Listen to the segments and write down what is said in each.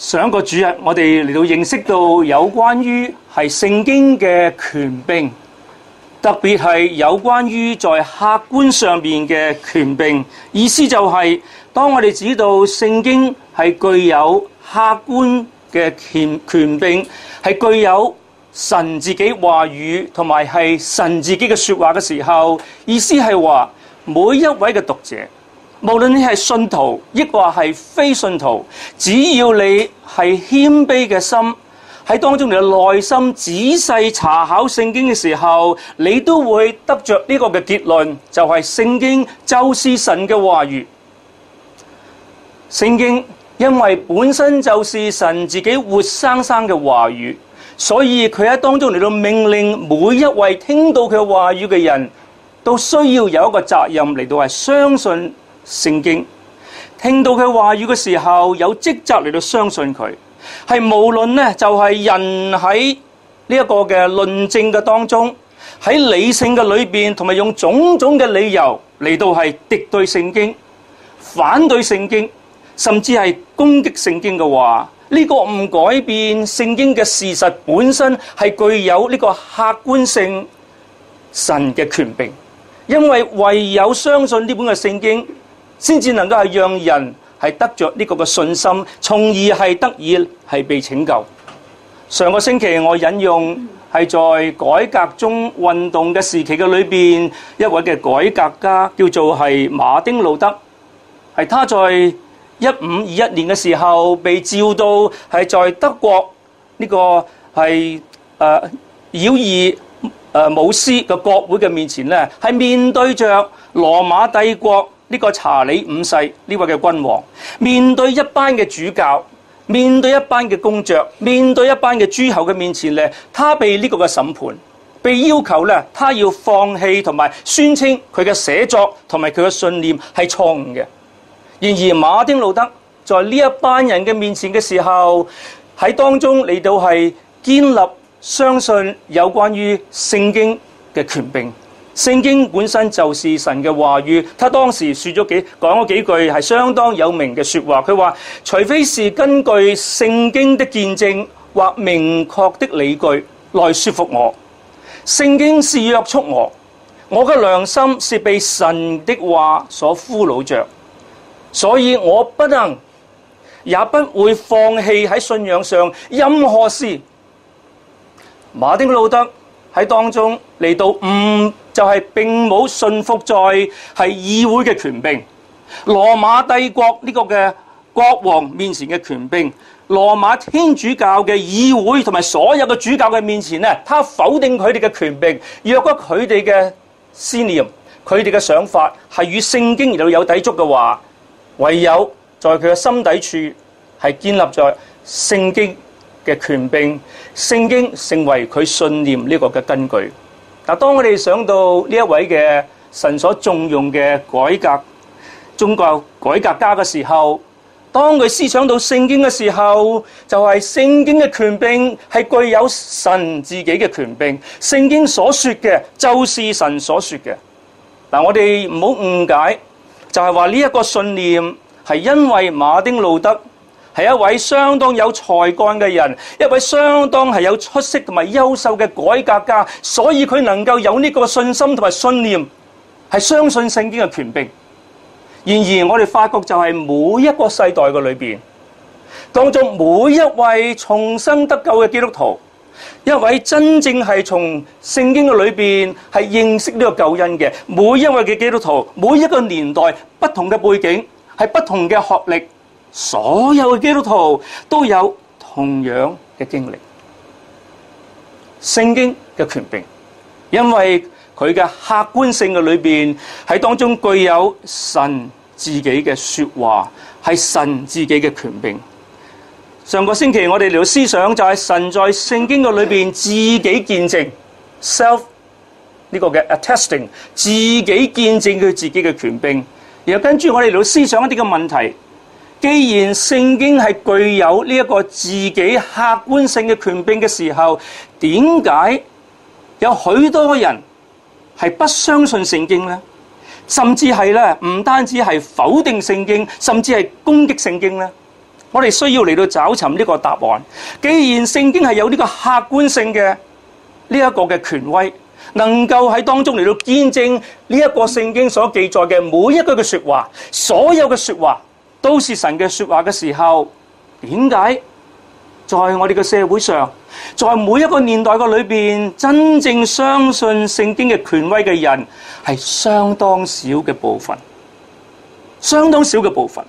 上個主日，我哋嚟到認識到有關於係聖經嘅權柄，特別係有關於在客觀上面嘅權柄。意思就係、是、當我哋知道聖經係具有客觀嘅權權柄，係具有神自己話語同埋係神自己嘅說話嘅時候，意思係話每一位嘅讀者，無論你係信徒，亦或係非信徒，只要你係謙卑嘅心喺當中嚟，內心仔細查考聖經嘅時候，你都會得著呢個嘅結論，就係聖經就是神嘅話語。聖經因為本身就是神自己活生生嘅話語，所以佢喺當中嚟到命令每一位聽到佢話語嘅人都需要有一個責任嚟到係相信。聖經聽到佢話語嘅時候，有職責嚟到相信佢。係無論呢，就係人喺呢一個嘅論證嘅當中，喺理性嘅裏邊，同埋用種種嘅理由嚟到係敵對聖經、反對聖經，甚至係攻擊聖經嘅話，呢、這個唔改變聖經嘅事實本身係具有呢個客觀性神嘅權柄，因為唯有相信呢本嘅聖經。先至能夠係讓人係得著呢個嘅信心，從而係得以係被拯救。上個星期我引用係在改革中運動嘅時期嘅裏面一位嘅改革家叫做係馬丁路德，係他在一五二一年嘅時候被召到係在德國呢個係誒妖異誒姆斯嘅國會嘅面前咧，係面對著羅馬帝國，呢個查理五世呢位嘅君王，面對一班嘅主教，面對一班嘅公爵，面對一班嘅諸侯嘅面前咧，他被呢個嘅審判，被要求咧，他要放棄同埋宣稱佢嘅寫作同埋佢嘅信念係錯誤嘅。然而，馬丁路德在呢一班人嘅面前嘅時候，喺當中你都係建立相信有關於聖經嘅權柄。聖經本身就是神嘅話語，他當時說咗幾，講咗幾句係相當有名嘅說話。佢話：除非是根據聖經的見證或明確的理據來說服我，聖經是約束我，我嘅良心是被神的話所俘虜着，所以我不能，也不會放棄喺信仰上任何事。馬丁路德喺當中嚟到唔。就係並冇信服在係議會嘅權柄，羅馬帝國呢個嘅國王面前嘅權柄，羅馬天主教嘅議會同埋所有嘅主教嘅面前咧，他否定佢哋嘅權柄，若果佢哋嘅思念，佢哋嘅想法係與聖經而度有抵觸嘅話，唯有在佢嘅心底處係建立在聖經嘅權柄，聖經成為佢信念呢個嘅根據。嗱，當我哋想到呢一位嘅神所重用嘅改革中國改革家嘅時候，當佢思想到聖經嘅時候，就係、是、聖經嘅權柄係具有神自己嘅權柄，聖經所說嘅就是神所說嘅。嗱，我哋唔好誤解，就係話呢一個信念係因為馬丁路德。係一位相當有才幹嘅人，一位相當係有出色同埋優秀嘅改革家，所以佢能夠有呢個信心同埋信念，係相信聖經嘅權柄。然而，我哋發覺就係每一個世代嘅裏面，當中每一位重生得救嘅基督徒，一位真正係從聖經嘅裏邊係認識呢個救恩嘅每一位嘅基督徒，每一個年代不同嘅背景，係不同嘅學歷。所有基督徒都有同樣嘅經歷，聖經嘅權柄，因為佢嘅客觀性嘅裏邊喺當中具有神自己嘅說話，係神自己嘅權柄。上個星期我哋嚟到思想就係神在聖經嘅裏邊自己見證 self 呢個嘅 attesting，自己見證佢自己嘅權柄，然後跟住我哋嚟到思想一啲嘅問題。既然聖經係具有呢一個自己客觀性嘅權柄嘅時候，點解有許多人係不相信聖經咧？甚至係咧，唔單止係否定聖經，甚至係攻擊聖經咧。我哋需要嚟到找尋呢個答案。既然聖經係有呢個客觀性嘅呢一個嘅權威，能夠喺當中嚟到見證呢一個聖經所記載嘅每一句嘅説話，所有嘅説話。都是神嘅說話嘅時候，點解在我哋嘅社會上，在每一個年代嘅裏邊，真正相信聖經嘅權威嘅人係相當少嘅部分，相當少嘅部分。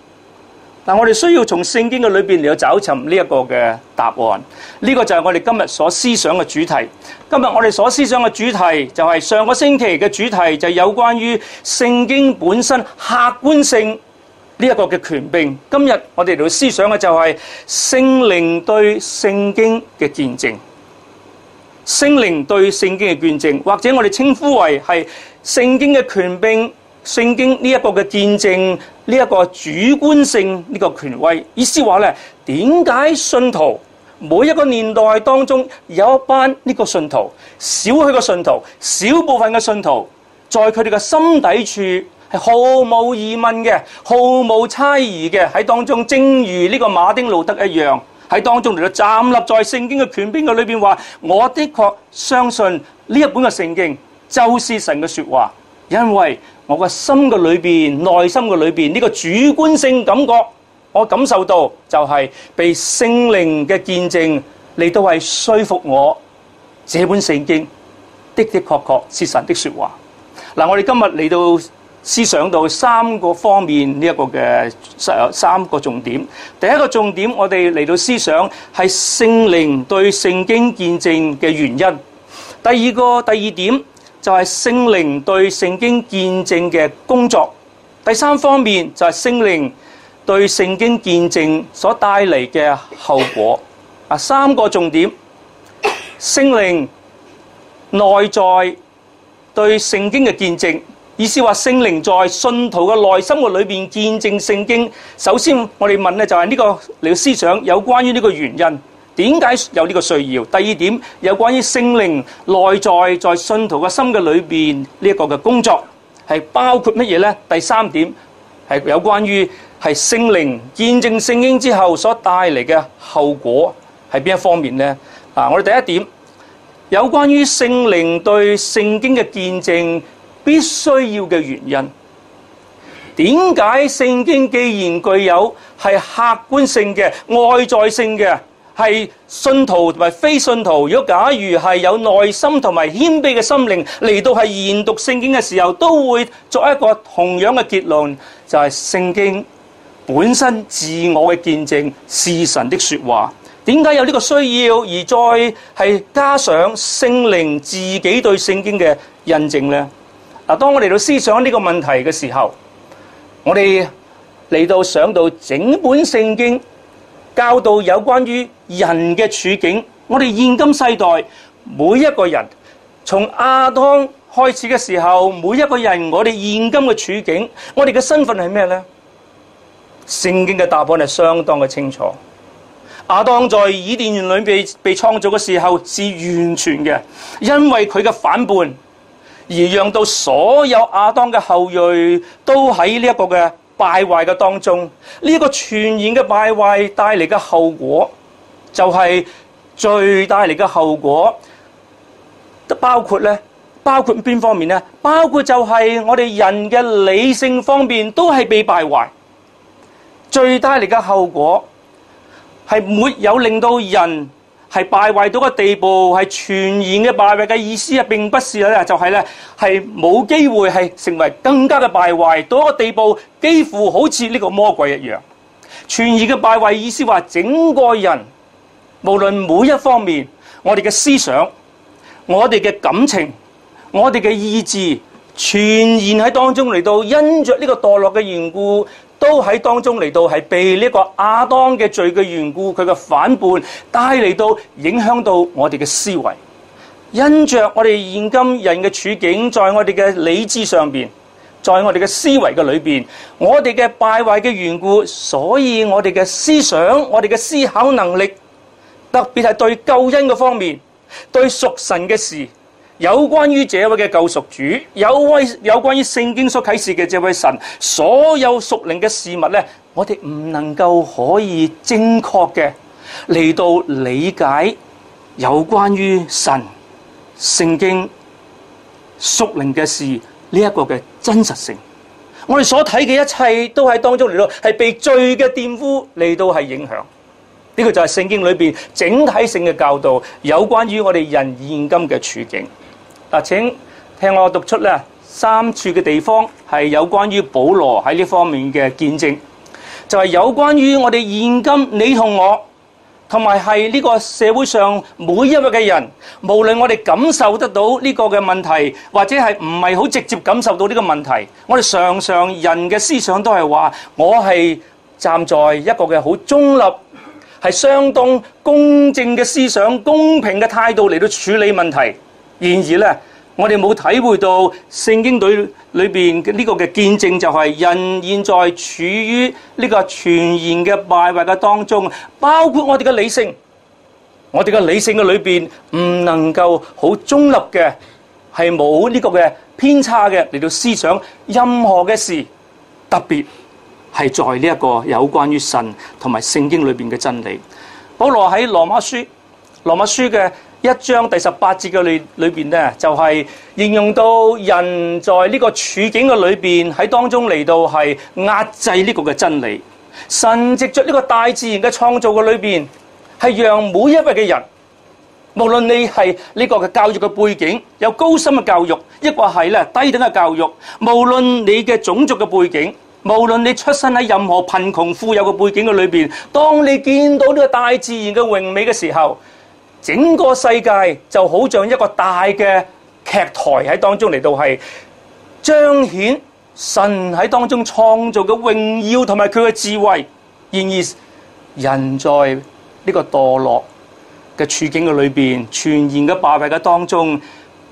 嗱，我哋需要從聖經嘅裏邊嚟到找尋呢一個嘅答案。呢、這個就係我哋今日所思想嘅主題。今日我哋所思想嘅主題就係、是、上個星期嘅主題，就有關於聖經本身客觀性呢一個嘅權柄，今日我哋嚟到思想嘅就係聖靈對聖經嘅見證，聖靈對聖經嘅見證，或者我哋稱呼為係聖經嘅權柄，聖經呢一個嘅見證，呢一個主觀性呢個權威，意思話咧，點解信徒每一個年代當中有一班呢個信徒，少許嘅信徒，小部分嘅信徒，在佢哋嘅心底處。係毫無疑問嘅，毫無猜疑嘅，喺當中正如呢個馬丁路德一樣，喺當中嚟到站立在聖經嘅權柄嘅裏面，話我的確相信呢一本嘅聖經就是神嘅説話，因為我個心嘅裏面、內心嘅裏面呢個主觀性感覺，我感受到就係被聖靈嘅見證你都係説服我，這本聖經的的確確是神的説話。嗱，我哋今日嚟到。思想到三個方面呢一個嘅三三個重點。第一個重點，我哋嚟到思想係聖靈對聖經見證嘅原因。第二個第二點就係聖靈對聖經見證嘅工作。第三方面就係聖靈對聖經見證所帶嚟嘅後果。啊，三個重點，聖靈內在對聖經嘅見證。意思話聖靈在信徒嘅內心生活裏邊見證聖經。首先，我哋問咧就係呢個呢個思想有關於呢個原因，點解有呢個需要？第二點，有關於聖靈內在在信徒嘅心嘅裏邊呢一個嘅工作係包括乜嘢咧？第三點係有關於係聖靈見證聖經之後所帶嚟嘅後果係邊一方面咧？嗱，我哋第一點有關於聖靈對聖經嘅見證。必須要嘅原因，點解聖經既然具有係客觀性嘅外在性嘅，係信徒同埋非信徒，如果假如係有耐心同埋謙卑嘅心靈嚟到係研讀聖經嘅時候，都會作一個同樣嘅結論，就係、是、聖經本身自我嘅見證是神的説話。點解有呢個需要而再係加上聖靈自己對聖經嘅印證呢？嗱，當我嚟到思想呢個問題嘅時候，我哋嚟到上到整本聖經教導有關於人嘅處境，我哋現今世代每一個人，從亞當開始嘅時候，每一個人，我哋現今嘅處境，我哋嘅身份係咩呢？聖經嘅答案係相當嘅清楚。亞當在伊甸園裏邊被被創造嘅時候是完全嘅，因為佢嘅反叛。而讓到所有亞當嘅後裔都喺呢一個嘅敗壞嘅當中，呢、這、一個傳染嘅敗壞帶嚟嘅後果，就係最大嚟嘅後果，包括咧，包括邊方面咧？包括就係我哋人嘅理性方面都係被敗壞，最大嚟嘅後果係沒有令到人。係敗壞到個地步，係全然嘅敗壞嘅意思啊，並不是咧、就是，就係咧，係冇機會係成為更加嘅敗壞到一個地步，幾乎好似呢個魔鬼一樣。全然嘅敗壞意思話，整個人無論每一方面，我哋嘅思想、我哋嘅感情、我哋嘅意志，全然喺當中嚟到，因着呢個墮落嘅緣故。都喺當中嚟到係被呢個亞當嘅罪嘅緣故，佢嘅反叛帶嚟到影響到我哋嘅思維，因着我哋現今人嘅處境，在我哋嘅理智上面，在我哋嘅思維嘅裏面，我哋嘅敗壞嘅緣故，所以我哋嘅思想，我哋嘅思考能力，特別係對救恩嘅方面，對屬神嘅事。有關於這位嘅救贖主，有位有關於聖經所啟示嘅這位神，所有屬靈嘅事物呢，我哋唔能夠可以正確嘅嚟到理解有關於神、聖經、屬靈嘅事呢一、這個嘅真實性。我哋所睇嘅一切都喺當中嚟到係被罪嘅玷污嚟到係影響。呢、這個就係聖經裏面整體性嘅教導，有關於我哋人現今嘅處境。嗱，請聽我讀出咧，三處嘅地方係有關於保羅喺呢方面嘅見證，就係有關於我哋現今你同我，同埋係呢個社會上每一位嘅人，無論我哋感受得到呢個嘅問題，或者係唔係好直接感受到呢個問題，我哋常常人嘅思想都係話，我係站在一個嘅好中立、係相當公正嘅思想、公平嘅態度嚟到處理問題。然而咧，我哋冇體會到聖經裏裏邊嘅呢個嘅見證，就係人現在處於呢個全然嘅敗壞嘅當中，包括我哋嘅理性，我哋嘅理性嘅裏邊唔能夠好中立嘅，係冇呢個嘅偏差嘅嚟到思想任何嘅事，特別係在呢一個有關於神同埋聖經裏邊嘅真理。保羅喺羅馬書羅馬書嘅。一章第十八節嘅裏裏邊呢就係形容到人在呢個處境嘅裏邊喺當中嚟到係壓制呢個嘅真理。神藉著呢個大自然嘅創造嘅裏邊，係讓每一位嘅人，無論你係呢個嘅教育嘅背景有高深嘅教育，抑或係咧低等嘅教育，無論你嘅種族嘅背景，無論你出生喺任何貧窮富有嘅背景嘅裏邊，當你見到呢個大自然嘅榮美嘅時候。整個世界就好像一個大嘅劇台，喺當中嚟到係彰顯神喺當中創造嘅榮耀同埋佢嘅智慧，然而人在呢個墮落嘅處境嘅裏面，全然嘅敗壞嘅當中，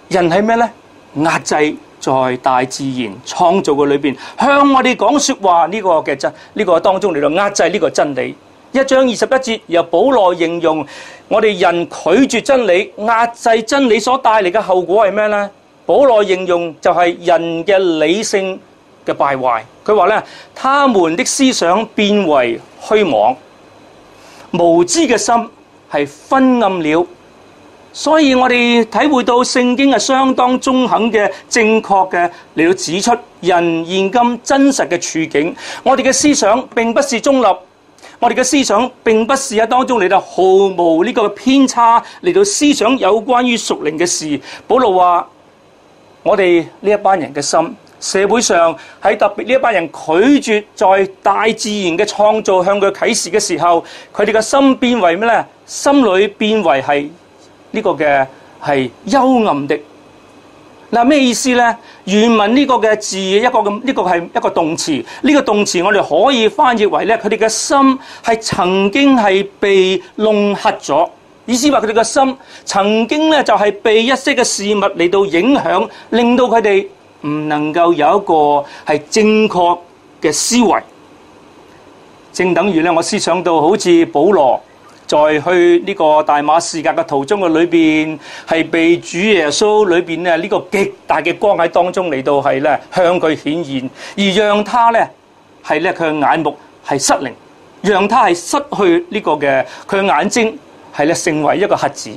人係咩呢？壓制在大自然創造嘅裏面。向我哋講説話呢、呢個嘅真呢個當中嚟到壓制呢個真理。一章二十一節由保羅形容，我哋人拒絕真理、壓制真理所帶嚟嘅後果係咩呢？保羅形容就係人嘅理性嘅敗壞。佢話呢，他們的思想變為虛妄，無知嘅心係昏暗了。所以我哋體會到聖經係相當中肯嘅，正確嘅嚟到指出人現今真實嘅處境。我哋嘅思想並不是中立。我哋嘅思想並不是喺當中嚟到毫無呢個偏差嚟到思想有關於屬靈嘅事。保羅話：我哋呢一班人嘅心，社會上喺特別呢一班人拒絕在大自然嘅創造向佢啟示嘅時候，佢哋嘅心變為咩呢？心裏變為係呢個嘅係幽暗的。嗱，咩意思呢？原文呢個嘅字一個咁，呢個係一個動詞。呢個動詞我哋可以翻譯為咧，佢哋嘅心係曾經係被弄黑咗，意思話佢哋嘅心曾經呢就係被一些嘅事物嚟到影響，令到佢哋唔能夠有一個係正確嘅思維。正等於呢，我思想到好似保羅。在去呢個大馬士革嘅途中嘅裏邊，係被主耶穌裏邊咧呢個極大嘅光喺當中嚟到係咧向佢顯現，而讓他咧係咧佢嘅眼目係失靈，讓他係失去呢個嘅佢眼睛係咧成為一個瞎子。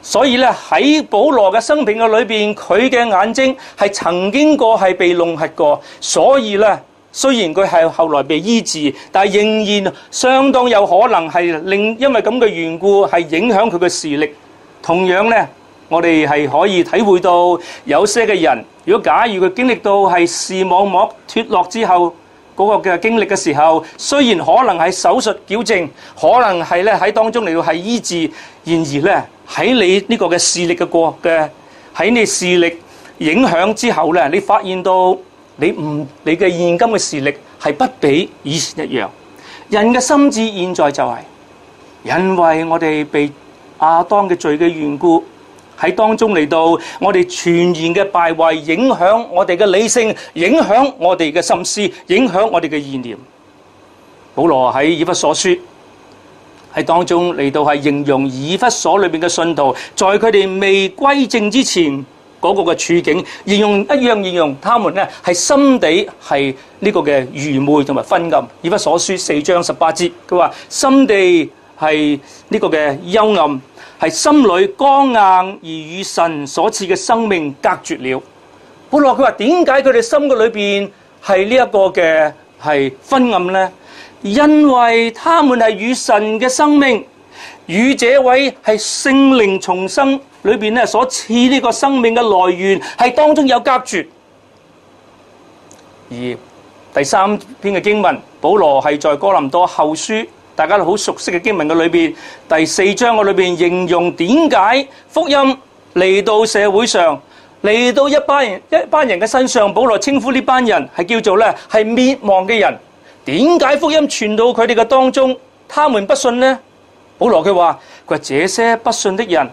所以咧喺保羅嘅生命嘅裏邊，佢嘅眼睛係曾經過係被弄瞎過，所以咧。雖然佢係後來被醫治，但係仍然相當有可能係令因為咁嘅緣故係影響佢嘅視力。同樣呢，我哋係可以體會到有些嘅人，如果假如佢經歷到係視網膜脫落之後嗰個嘅經歷嘅時候，雖然可能係手術矯正，可能係呢喺當中嚟到係醫治，然而呢喺你呢個嘅視力嘅過嘅喺你視力影響之後呢，你發現到。你唔，你嘅現今嘅視力係不比以前一樣。人嘅心智現在就係因為我哋被亞當嘅罪嘅緣故，喺當中嚟到我哋全然嘅敗壞，影響我哋嘅理性，影響我哋嘅心思，影響我哋嘅意念。保羅喺以弗所書喺當中嚟到係形容以弗所裏面嘅信徒，在佢哋未歸正之前。嗰個嘅處境，形容一樣，形容他們咧係心地係呢個嘅愚昧同埋昏暗。以弗所書四章十八節，佢話心地係呢個嘅幽暗，係心裡剛硬而與神所賜嘅生命隔絕了。本來佢話點解佢哋心嘅裏邊係呢一個嘅係昏暗咧？因為他們係與神嘅生命，與這位係聖靈重生。裏邊咧所賜呢個生命嘅來源係當中有隔絕，而第三篇嘅經文，保羅係在哥林多後書，大家都好熟悉嘅經文嘅裏邊，第四章嘅裏邊形容點解福音嚟到社會上，嚟到一班人一班人嘅身上，保羅稱呼呢班人係叫做咧係滅亡嘅人，點解福音傳到佢哋嘅當中，他們不信呢？保羅佢話。佢這些不信的人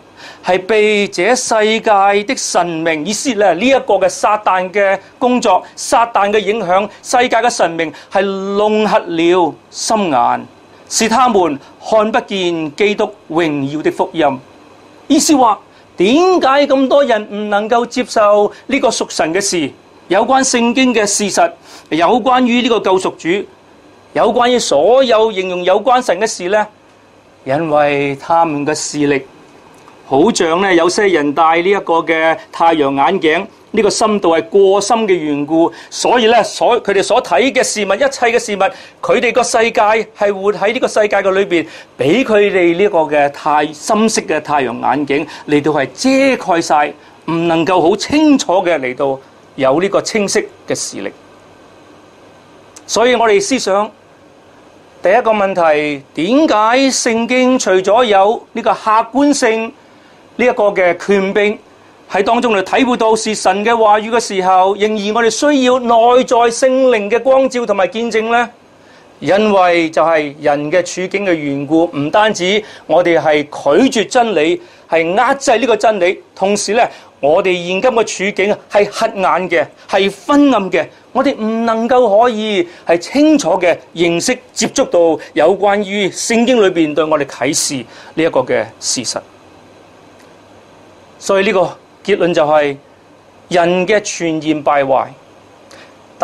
係被這世界的神明，意思呢一個嘅撒旦嘅工作、撒旦嘅影響、世界嘅神明係弄瞎了心眼，是他們看不見基督榮耀的福音。意思話點解咁多人唔能夠接受呢個屬神嘅事？有關聖經嘅事實，有關於呢個救贖主，有關於所有形容有關神嘅事呢？因為他們嘅視力，好像有些人戴呢一個嘅太陽眼鏡，呢個深度係過深嘅緣故，所以呢，所佢哋所睇嘅事物，一切嘅事物，佢哋個世界係活喺呢個世界嘅裏邊，俾佢哋呢個嘅太深色嘅太陽眼鏡嚟到係遮蓋曬，唔能夠好清楚嘅嚟到有呢個清晰嘅視力，所以我哋思想。第一個問題，點解聖經除咗有呢個客觀性呢一個嘅權柄喺當中，我哋體會到是神嘅話語嘅時候，仍然我哋需要內在聖靈嘅光照同埋見證呢？因為就係人嘅處境嘅緣故，唔單止我哋係拒絕真理，係壓制呢個真理，同時呢，我哋現今嘅處境係黑暗嘅，係昏暗嘅，我哋唔能夠可以係清楚嘅認識接觸到有關於聖經裏面對我哋啟示呢一個嘅事實。所以呢個結論就係人嘅全然敗壞。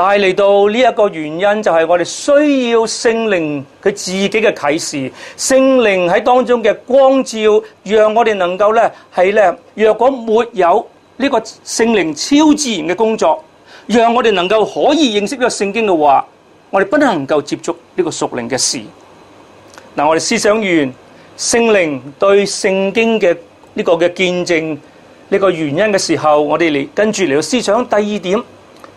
帶嚟到呢一個原因，就係、是、我哋需要聖靈佢自己嘅啟示，聖靈喺當中嘅光照，讓我哋能夠呢係呢。若果沒有呢個聖靈超自然嘅工作，讓我哋能夠可以認識呢個聖經嘅話，我哋不能夠接觸呢個屬靈嘅事。嗱，我哋思想完聖靈對聖經嘅呢個嘅見證呢、這個原因嘅時候，我哋嚟跟住嚟到思想第二點。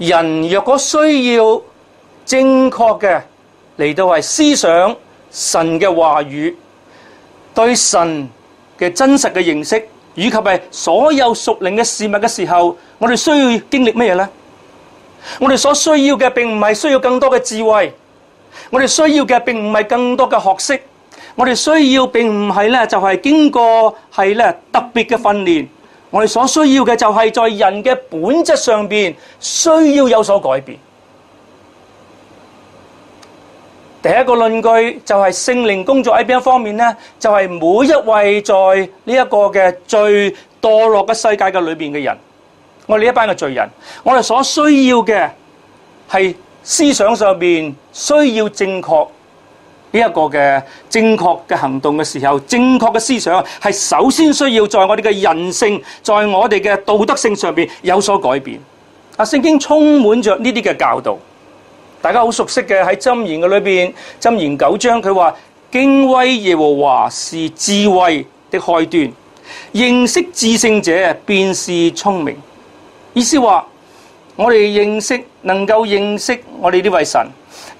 人若果需要正確嘅嚟到係思想神嘅話語對神嘅真實嘅認識以及係所有屬靈嘅事物嘅時候，我哋需要經歷咩呢？我哋所需要嘅並唔係需要更多嘅智慧，我哋需要嘅並唔係更多嘅學識，我哋需要並唔係呢就係經過係呢特別嘅訓練。我哋所需要嘅就係在人嘅本質上面需要有所改變。第一個論據就係聖靈工作喺邊一方面呢，就係每一位在呢一個嘅最墮落嘅世界嘅裏邊嘅人，我哋一班嘅罪人，我哋所需要嘅係思想上面需要正確。呢一個嘅正確嘅行動嘅時候，正確嘅思想係首先需要在我哋嘅人性，在我哋嘅道德性上邊有所改變。啊，聖經充滿著呢啲嘅教導，大家好熟悉嘅喺《箴言》嘅裏邊，《箴言》九章佢話：敬畏 耶和華是智慧的開端，認識至聖者便是聰明。意思話，我哋認識能夠認識我哋呢位神。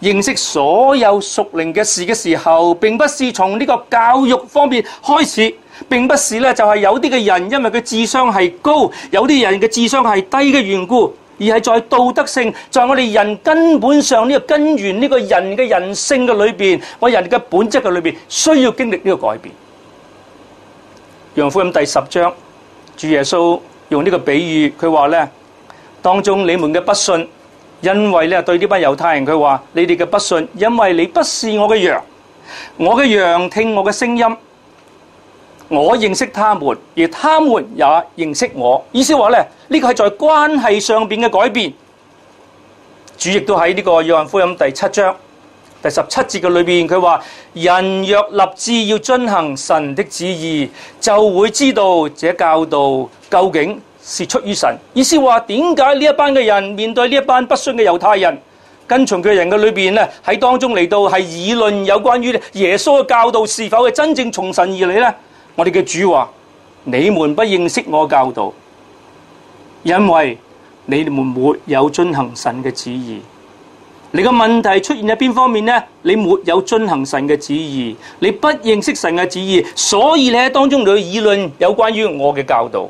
認識所有屬靈嘅事嘅時候，並不是從呢個教育方面開始，並不是呢，就係有啲嘅人因為佢智商係高，有啲人嘅智商係低嘅緣故，而係在道德性，在我哋人根本上呢、這個根源呢個人嘅人性嘅裏面，我人哋嘅本質嘅裏面，需要經歷呢個改變。《約翰福音》第十章，主耶穌用呢個比喻，佢話呢：「當中你們嘅不信。因為咧對呢班猶太人佢話，你哋嘅不信，因為你不是我嘅羊，我嘅羊聽我嘅聲音，我認識他們，而他們也認識我。意思話咧，呢個係在關係上邊嘅改變。主亦都喺呢個約翰福音第七章第十七節嘅裏邊，佢話，人若立志要遵行神的旨意，就會知道這教導究竟，是出於神，意思話點解呢一班嘅人面對呢一班不信嘅猶太人跟從嘅人嘅裏邊咧，喺當中嚟到係議論有關於耶穌嘅教導是否係真正從神而嚟咧？我哋嘅主話：你們不認識我教導，因為你們沒有遵行神嘅旨意。你嘅問題出現喺邊方面咧？你沒有遵行神嘅旨意，你不認識神嘅旨意，所以你喺當中嚟議論有關於我嘅教導。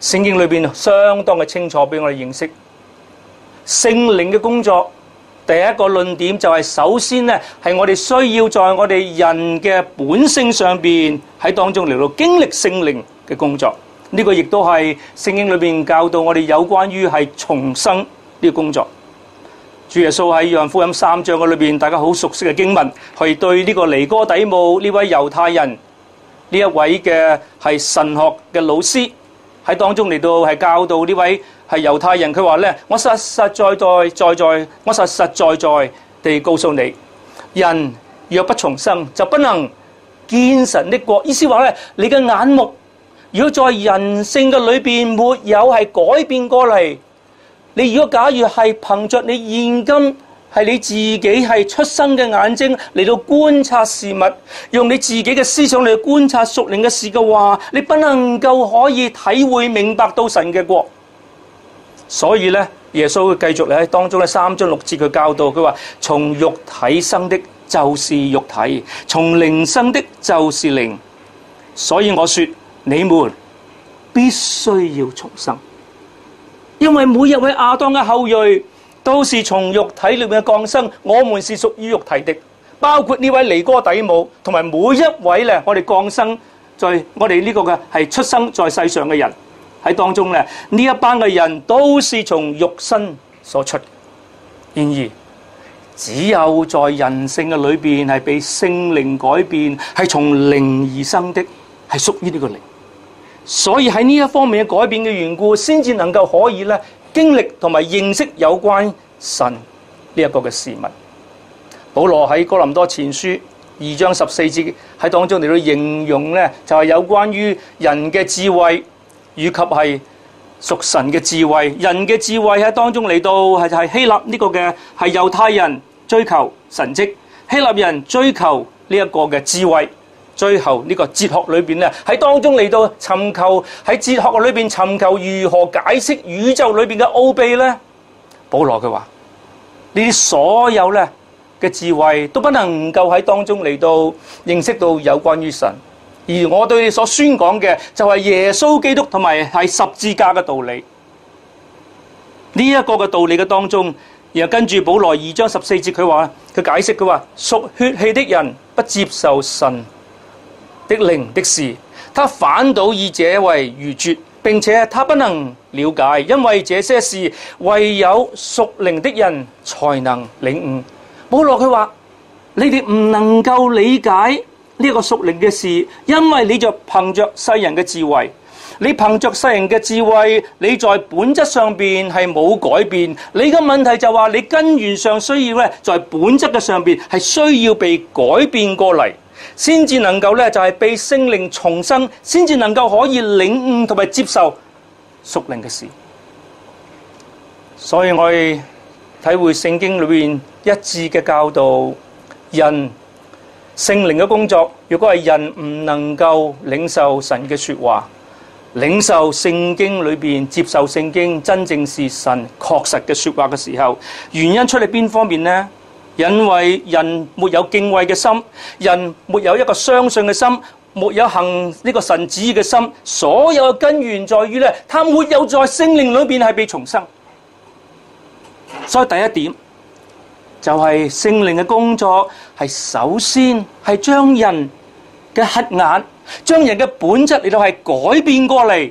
聖經裏面相當嘅清楚，俾我哋認識聖靈嘅工作。第一個論點就係首先呢，係我哋需要在我哋人嘅本性上面喺當中嚟到經歷聖靈嘅工作。呢個亦都係聖經裏面教導我哋有關於係重生呢個工作。主耶穌喺約翰福音三章嘅裏邊，大家好熟悉嘅經文，係對呢個尼哥底母呢位猶太人呢一位嘅係神學嘅老師。喺當中嚟到係教導呢位係猶太人，佢話咧：我實實在在在在，我實實在在在地告訴你，人若不重生，就不能見神的國。意思話咧，你嘅眼目如果在人性嘅裏邊沒有係改變過嚟，你如果假如係憑着你現今。係你自己係出生嘅眼睛嚟到觀察事物，用你自己嘅思想嚟觀察屬靈嘅事嘅話，你不能夠可以體會明白到神嘅國。所以呢，耶穌會繼續喺當中嘅三章六節嘅教導，佢話，從肉體生的就是肉體，從靈生的就是靈。所以我說你們必須要重生，因為每一位亞當嘅後裔。都是從肉體裏邊嘅降生，我們是屬於肉體的，包括呢位尼哥底母，同埋每一位咧，我哋降生在我哋呢個嘅係出生在世上嘅人喺當中咧，呢一班嘅人都是從肉身所出。然而，只有在人性嘅裏邊係被聖靈改變，係從靈而生的，係屬於呢個靈。所以喺呢一方面嘅改變嘅緣故，先至能夠可以咧。經歷同埋認識有關神呢一個嘅事物，保羅喺哥林多前書二章十四節喺當中嚟到形容咧，就係有關於人嘅智慧以及係屬神嘅智慧。人嘅智慧喺當中嚟到係就係希臘呢個嘅，係猶太人追求神跡，希臘人追求呢一個嘅智慧。最後呢個哲學裏邊咧，喺當中嚟到尋求喺哲學裏邊尋求如何解釋宇宙裏邊嘅奧秘呢？保羅佢話：呢啲所有咧嘅智慧都不能夠喺當中嚟到認識到有關於神，而我對你所宣講嘅就係耶穌基督同埋係十字架嘅道理。呢一個嘅道理嘅當中，然後跟住保羅二章十四節，佢話佢解釋佢話屬血氣的人不接受神。的靈的事，他反倒以這為愚拙，並且他不能了解，因為這些事唯有屬靈的人才能領悟。保羅佢話：你哋唔能夠理解呢個屬靈嘅事，因為你就憑着世人嘅智慧，你憑着世人嘅智慧，你在本質上邊係冇改變。你嘅問題就話、是，你根源上需要咧，在本質嘅上邊係需要被改變過嚟。先至能夠咧，就係被聖靈重生，先至能夠可以領悟同埋接受屬靈嘅事。所以我哋體會聖經裏面一致嘅教導，人聖靈嘅工作。如果係人唔能夠領受神嘅說話，領受聖經裏面接受聖經真正是神確實嘅說話嘅時候，原因出喺邊方面呢？因為人沒有敬畏嘅心，人沒有一個相信嘅心，沒有行呢個神旨意嘅心，所有根源在於呢，他沒有在聖靈裏面係被重生。所以第一點就係聖靈嘅工作係首先係將人嘅黑眼，將人嘅本質嚟到係改變過嚟。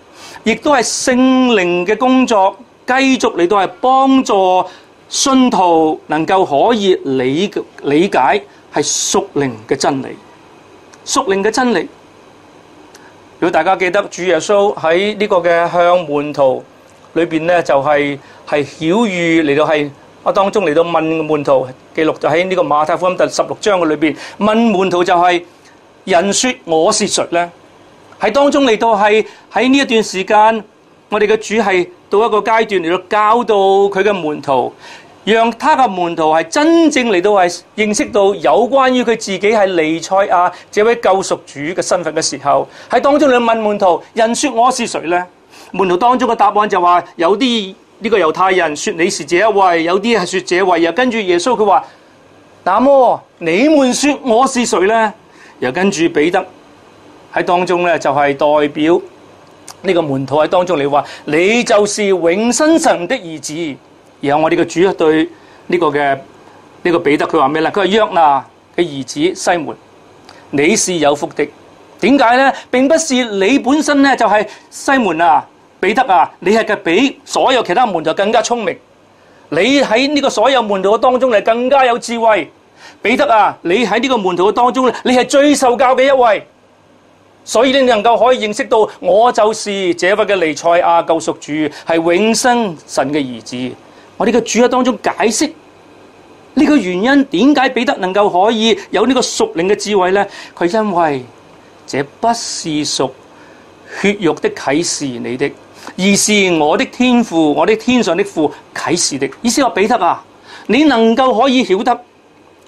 亦都係聖靈嘅工作，繼續嚟到係幫助信徒能夠可以理理解係屬靈嘅真理，屬靈嘅真理。如果大家記得主耶穌喺呢個嘅向門徒裏邊咧，就係係曉喻嚟到係啊，當中嚟到問門徒記錄就喺呢個馬太福音第十六章嘅裏邊問門徒，就係人說我是誰咧？喺當中嚟到係喺呢一段時間，我哋嘅主係到一個階段嚟到教導佢嘅門徒，讓他嘅門徒係真正嚟到係認識到有關於佢自己係彌賽亞這位救贖主嘅身份嘅時候，喺當中你問門徒：人說我是誰咧？門徒當中嘅答案就話、是、有啲呢個猶太人說你是這一位，有啲係說這位。又跟住耶穌佢話：那麼你們說我是誰咧？又跟住彼得。喺當中呢，就係代表呢個門徒喺當中你話：你就是永生神的兒子。然後我哋嘅主要對呢個嘅呢個彼得佢話咩呢？佢話，約拿嘅兒子西門，你是有福的。點解呢？並不是你本身呢，就係西門啊，彼得啊，你係比所有其他門徒更加聰明。你喺呢個所有門徒嘅當中，你更加有智慧。彼得啊，你喺呢個門徒嘅當中，你係最受教嘅一位。所以你能夠可以認識到，我就是這位嘅彌賽亞救贖主，係永生神嘅兒子。我哋嘅主啊當中解釋呢個原因，點解彼得能夠可以有呢個屬靈嘅智慧呢？佢因為這不是屬血肉的啟示你的，而是我的天父，我的天上的父啟示的。意思話彼得啊，你能夠可以曉得。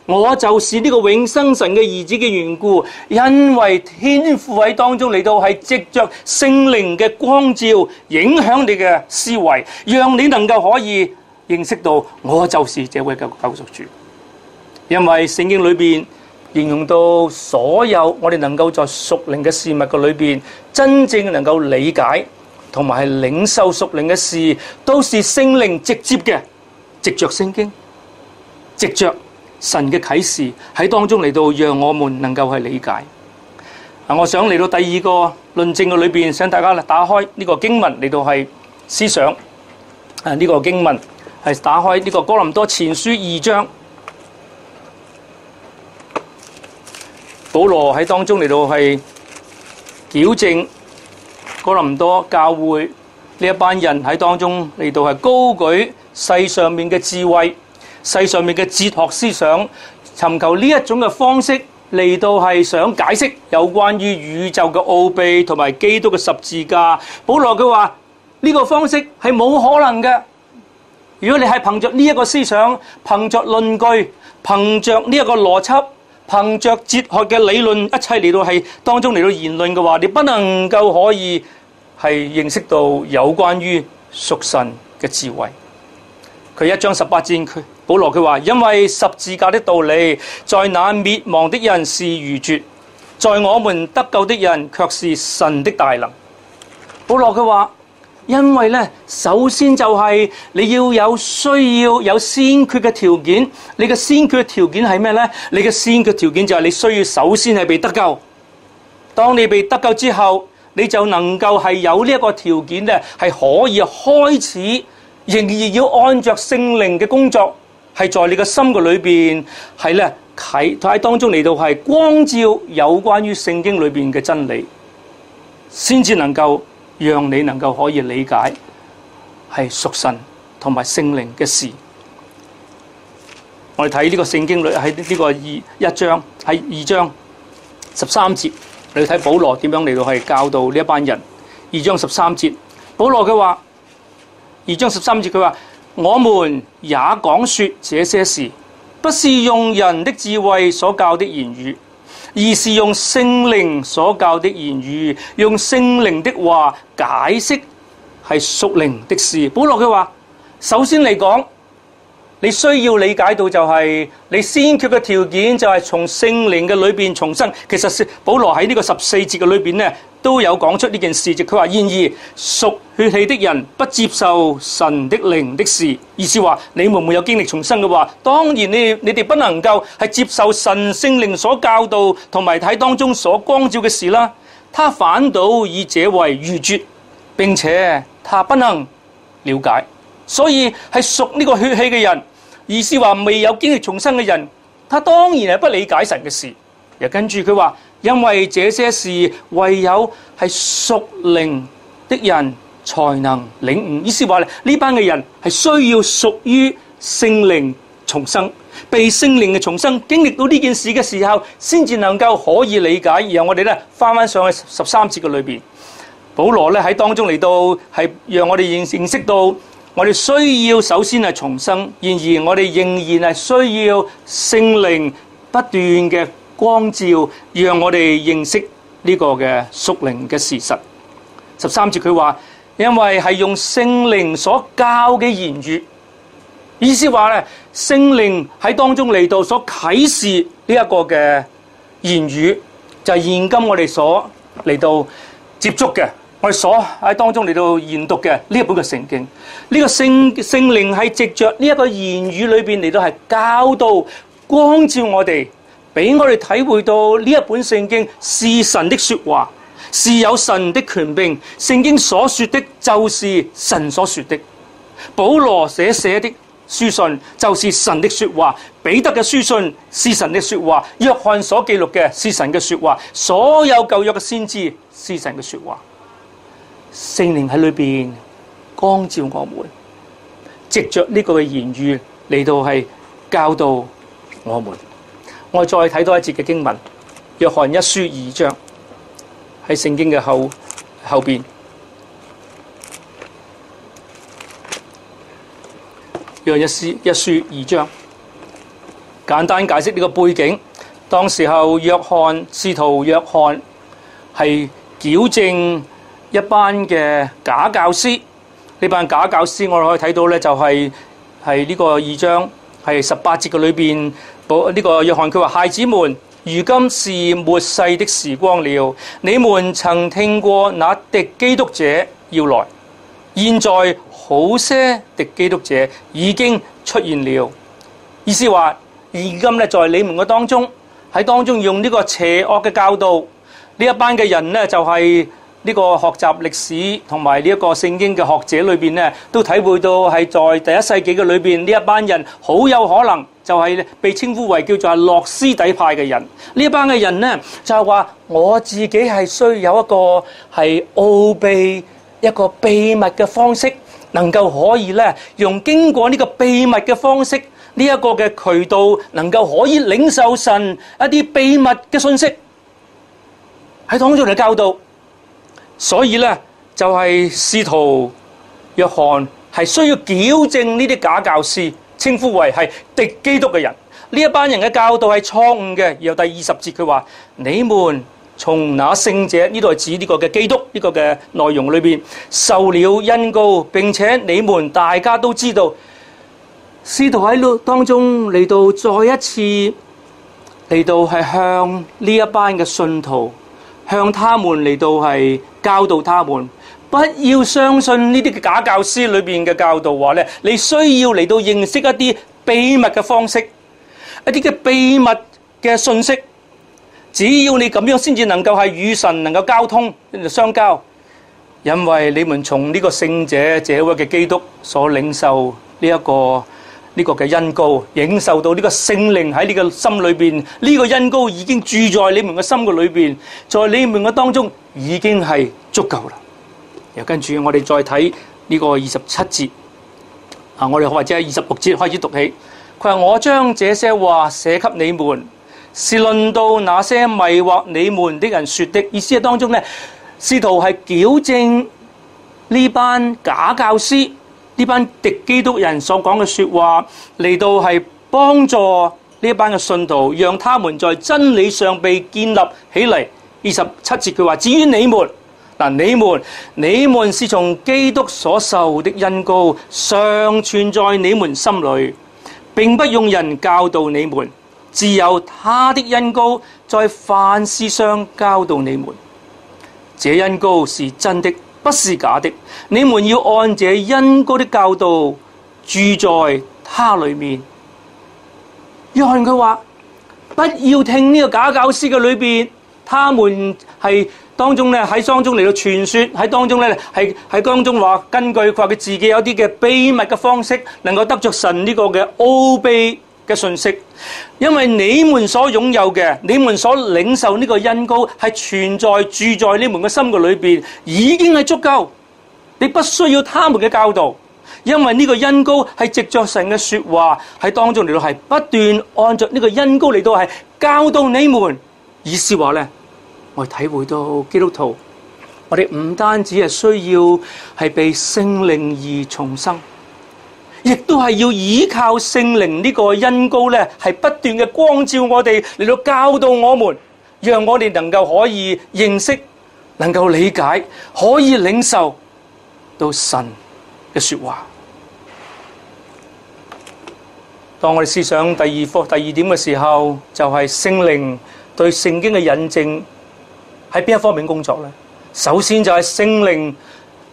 我就是呢個永生神嘅兒子嘅緣故，因為天父喺當中嚟到，係藉着聖靈嘅光照影響你嘅思維，讓你能夠可以認識到我就是這位救贖主。因為聖經裏面形容到所有我哋能夠在屬靈嘅事物嘅裏邊，真正能夠理解同埋係領受屬靈嘅事，都是聖靈直接嘅，藉着聖經，藉着。神嘅啟示喺當中嚟到，讓我們能夠去理解。嗱，我想嚟到第二個論證嘅裏邊，想大家打開呢個經文嚟到係思想。啊，呢個經文係打開呢個哥林多前書二章，保羅喺當中嚟到係矯正哥林多教會呢一班人喺當中嚟到係高舉世上面嘅智慧。世上面嘅哲學思想，尋求呢一種嘅方式嚟到係想解釋有關於宇宙嘅奧秘同埋基督嘅十字架。保羅佢話呢個方式係冇可能嘅。如果你係憑着呢一個思想，憑着論據，憑着呢一個邏輯，憑着哲學嘅理論，一切嚟到係當中嚟到言論嘅話，你不能夠可以係認識到有關於屬神嘅智慧。佢一章十八節佢。保羅佢話，因為十字架的道理，在那滅亡的人是愚拙，在我們得救的人卻是神的大能。保羅佢話，因為咧，首先就係你要有需要有先決嘅條件。你嘅先決的條件係咩呢？你嘅先決的條件就係你需要首先係被得救。當你被得救之後，你就能夠係有呢一個條件咧，係可以開始，仍然要按着聖靈嘅工作。係在你嘅心嘅裏面，係咧，喺當中嚟到係光照有關於聖經裏面嘅真理，先至能夠讓你能夠可以理解係屬神同埋聖靈嘅事。我哋睇呢個聖經裏喺呢個一章喺二章十三節，你睇保羅點樣嚟到係教導呢一班人。二章十三節，保羅佢話二章十三節佢話。我們也講說這些事，不是用人的智慧所教的言語，而是用聖靈所教的言語，用聖靈的話解釋係屬靈的事。保羅佢話首先嚟講。你需要理解到就係你先決嘅條件就係從聖靈嘅裏邊重生。其實保羅喺呢個十四節嘅裏邊咧都有講出呢件事他，就佢話：然而屬血氣的人不接受神的靈的事，意思話你們沒有經歷重生嘅話，當然你你哋不能夠係接受神聖靈所教導同埋睇當中所光照嘅事啦。他反倒以這為愚拙，並且他不能了解，所以係屬呢個血氣嘅人。意思話未有經歷重生嘅人，他當然係不理解神嘅事。又跟住佢話，因為這些事，唯有係屬靈的人才能領悟。意思話咧，呢班嘅人係需要屬於聖靈重生，被聖靈嘅重生經歷到呢件事嘅時候，先至能夠可以理解。然後我哋咧翻翻上去十三節嘅裏面，保羅咧喺當中嚟到係讓我哋認認識到。我哋需要首先係重生，然而我哋仍然係需要聖靈不斷嘅光照，讓我哋認識呢個嘅屬靈嘅事實。十三節佢話，因為係用聖靈所教嘅言語，意思話咧，聖靈喺當中嚟到所啟示呢一個嘅言語，就係、是、現今我哋所嚟到接觸嘅。我哋所喺當中嚟到研讀嘅呢一本嘅聖經，呢、這個聖聖靈係藉着呢一個言語裏邊嚟到係教導光照我哋，俾我哋體會到呢一本聖經是神的説話，是有神的權柄。聖經所說的就是神所說的。保羅寫寫的書信就是神的説話，彼得嘅書信是神的説話，約翰所記錄嘅是神嘅説話，所有舊約嘅先知是神嘅説話。聖靈喺裏面光照我們，藉着呢個嘅言語嚟到係教導我們。我再睇多一節嘅經文，《約翰一書二章》喺聖經嘅後後邊，《約翰一書一書二章》簡單解釋呢個背景。當時候，約翰試圖約翰係矯正。一班嘅假教師，呢班假教師，我哋可以睇到咧、就是，就係係呢個二章係十八節嘅裏邊，保、這、呢個約翰佢話：孩子們，如今是末世的時光了。你們曾聽過那敵基督者要來，現在好些敵基督者已經出現了，意思話，如今咧，在你們嘅當中，喺當中用呢個邪惡嘅教導，呢一班嘅人呢，就係、是。呢個學習歷史同埋呢一個聖經嘅學者裏邊咧，都體會到係在第一世紀嘅裏邊，呢一班人好有可能就係被稱呼為叫做係諾斯底派嘅人。呢一班嘅人咧就係話，我自己係需要有一個係奧秘一個秘密嘅方式，能夠可以咧用經過呢個秘密嘅方式，呢一個嘅渠道能夠可以領受神一啲秘密嘅信息，喺當中嚟教導。所以呢，就係司徒約翰係需要矯正呢啲假教師，稱呼為係敵基督嘅人。呢一班人嘅教導係錯誤嘅。然後第二十節佢話：你們從那聖者，呢度係指呢個基督呢、這個嘅內容裏面受了恩膏，並且你們大家都知道，司徒喺當中嚟到再一次嚟到係向呢一班嘅信徒。向他們嚟到係教導他們，不要相信呢啲嘅假教師裏邊嘅教導話咧，你需要嚟到認識一啲秘密嘅方式，一啲嘅秘密嘅信息，只要你咁樣先至能夠係與神能夠交通，相交，因為你們從呢個聖者，者、這位嘅基督所領受呢、這、一個。呢個嘅恩膏，已經受到呢個聖靈喺呢個心裏邊，呢、這個恩膏已經住在你們嘅心嘅裏邊，在你們嘅當中已經係足夠啦。又跟住我哋再睇呢個二十七節，啊，我哋或者二十六節開始讀起。佢話：我將這些話寫給你們，是論到那些迷惑你們的人說的。意思係當中呢，試圖係矯正呢班假教師。呢班敵基督人所講嘅說話嚟到係幫助呢班嘅信徒，讓他們在真理上被建立起嚟。二十七節佢話：至於你們，嗱，你們，你們是從基督所受的恩高膏尚存在你們心裏，並不用人教導你們，自有他的恩膏在凡事上教導你們。這恩膏是真的。不是假的，你們要按這恩膏的教導住在他裏面。約翰佢話：不要聽呢個假教師嘅裏面。他們係當中呢，喺當中嚟到傳說喺當中呢，係喺當中話，根據佢自己有啲嘅秘密嘅方式，能夠得着神呢個嘅奧秘。嘅信息，因為你們所擁有嘅，你們所領受呢個恩膏，係存在住在你們嘅心嘅裏邊，已經係足夠。你不需要他們嘅教導，因為呢個恩膏係藉著神嘅說話，係當中嚟到係不斷按著呢個恩膏嚟到係教導你們。意思話咧，我體會到基督徒，我哋唔單止係需要係被聖靈而重生。亦都係要依靠聖靈呢個恩膏呢，呢係不斷嘅光照我哋，嚟到教導我們，讓我哋能夠可以認識、能夠理解、可以領受到神嘅說話。當我哋思想第二課第二點嘅時候，就係、是、聖靈對聖經嘅引證喺邊一方面工作呢？首先就係聖靈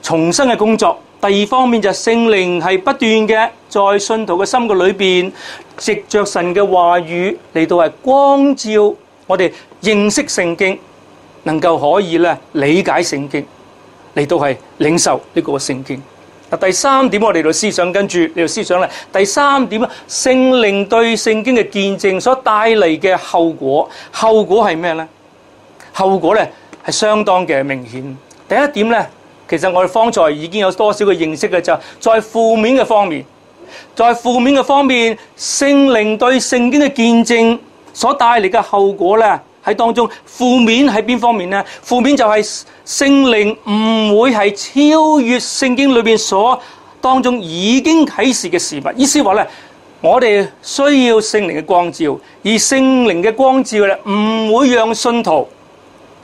重生嘅工作。第二方面就聖靈係不斷嘅，在信徒嘅心個裏面，藉着神嘅話語嚟到係光照我哋認識聖經，能夠可以咧理解聖經，嚟到係領受呢個聖經。嗱，第三點我哋就思想，跟住你又思想咧。第三點啊，聖靈對聖經嘅見證所帶嚟嘅後果，後果係咩咧？後果咧係相當嘅明顯。第一點咧。其實我哋方才已經有多少嘅認識嘅啫，在、就係、負面嘅方面，在負面嘅方面，聖靈對聖經嘅見證所帶嚟嘅後果呢？喺當中負面喺邊方面呢？負面就係聖靈唔會係超越聖經裏面所當中已經啟示嘅事物，意思話呢，我哋需要聖靈嘅光照，而聖靈嘅光照呢，唔會讓信徒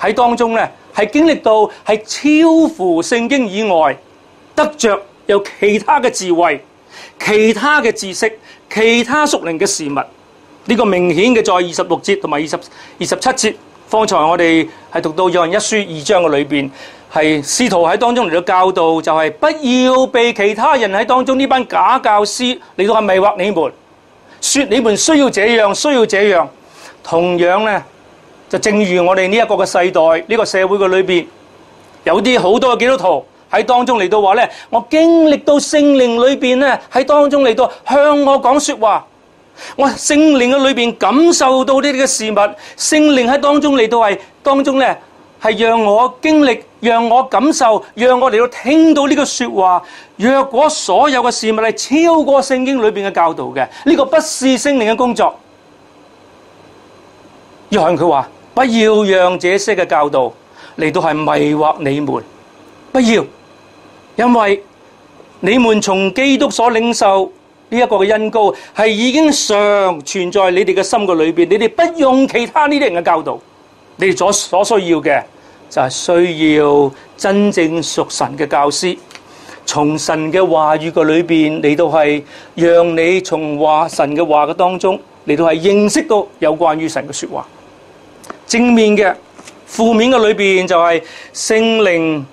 喺當中呢，係經歷到係超乎聖經以外得着有其他嘅智慧、其他嘅知識、其他屬靈嘅事物。呢、這個明顯嘅在二十六節同埋二十二十七節。方才我哋係讀到約翰一書二章嘅裏邊，係試圖喺當中嚟到教導，就係、是、不要被其他人喺當中呢班假教師嚟到去迷惑你們，說你們需要這樣需要這樣。同樣呢。就正如我哋呢一個嘅世代，呢、這個社會嘅裏邊，有啲好多嘅基督徒喺當中嚟到話咧，我經歷到聖靈裏邊咧，喺當中嚟到向我講說話，我聖靈嘅裏邊感受到呢啲嘅事物，聖靈喺當中嚟到係當中咧，係讓我經歷，讓我感受，讓我嚟到聽到呢個說話。若果所有嘅事物係超過聖經裏邊嘅教導嘅，呢、這個不是聖靈嘅工作，要向佢話。不要讓這些嘅教導嚟到係迷惑你們。不要，因為你們從基督所領受呢一個嘅恩膏，係已經常存在你哋嘅心嘅裏邊。你哋不用其他呢啲人嘅教導，你哋所所需要嘅就係需要真正屬神嘅教師，從神嘅話語嘅裏邊嚟到係讓你從話神嘅話嘅當中嚟到係認識到有關於神嘅說話。正面嘅、負面嘅裏面就係聖靈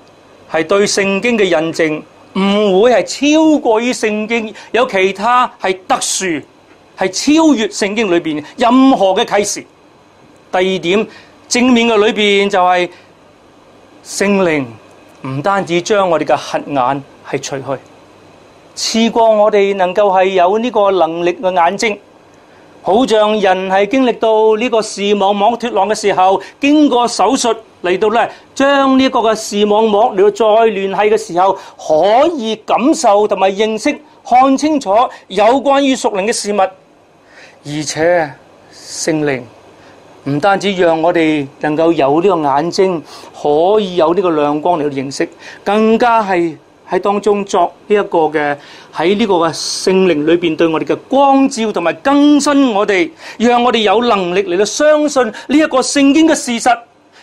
係對聖經嘅印證，唔會係超過於聖經有其他係特殊係超越聖經裏面的任何嘅啟示。第二點，正面嘅裏面就係聖靈唔單止將我哋嘅瞎眼係除去，賜過我哋能夠係有呢個能力嘅眼睛。好像人係經歷到呢個視網膜脫落嘅時候，經過手術嚟到呢，將呢個嘅視網膜嚟到再聯繫嘅時候，可以感受同埋認識，看清楚有關於屬靈嘅事物，而且聖靈唔單止讓我哋能夠有呢個眼睛，可以有呢個亮光嚟到認識，更加係。喺當中作呢一個嘅喺呢個嘅聖靈裏邊對我哋嘅光照同埋更新我哋，讓我哋有能力嚟到相信呢一個聖經嘅事實。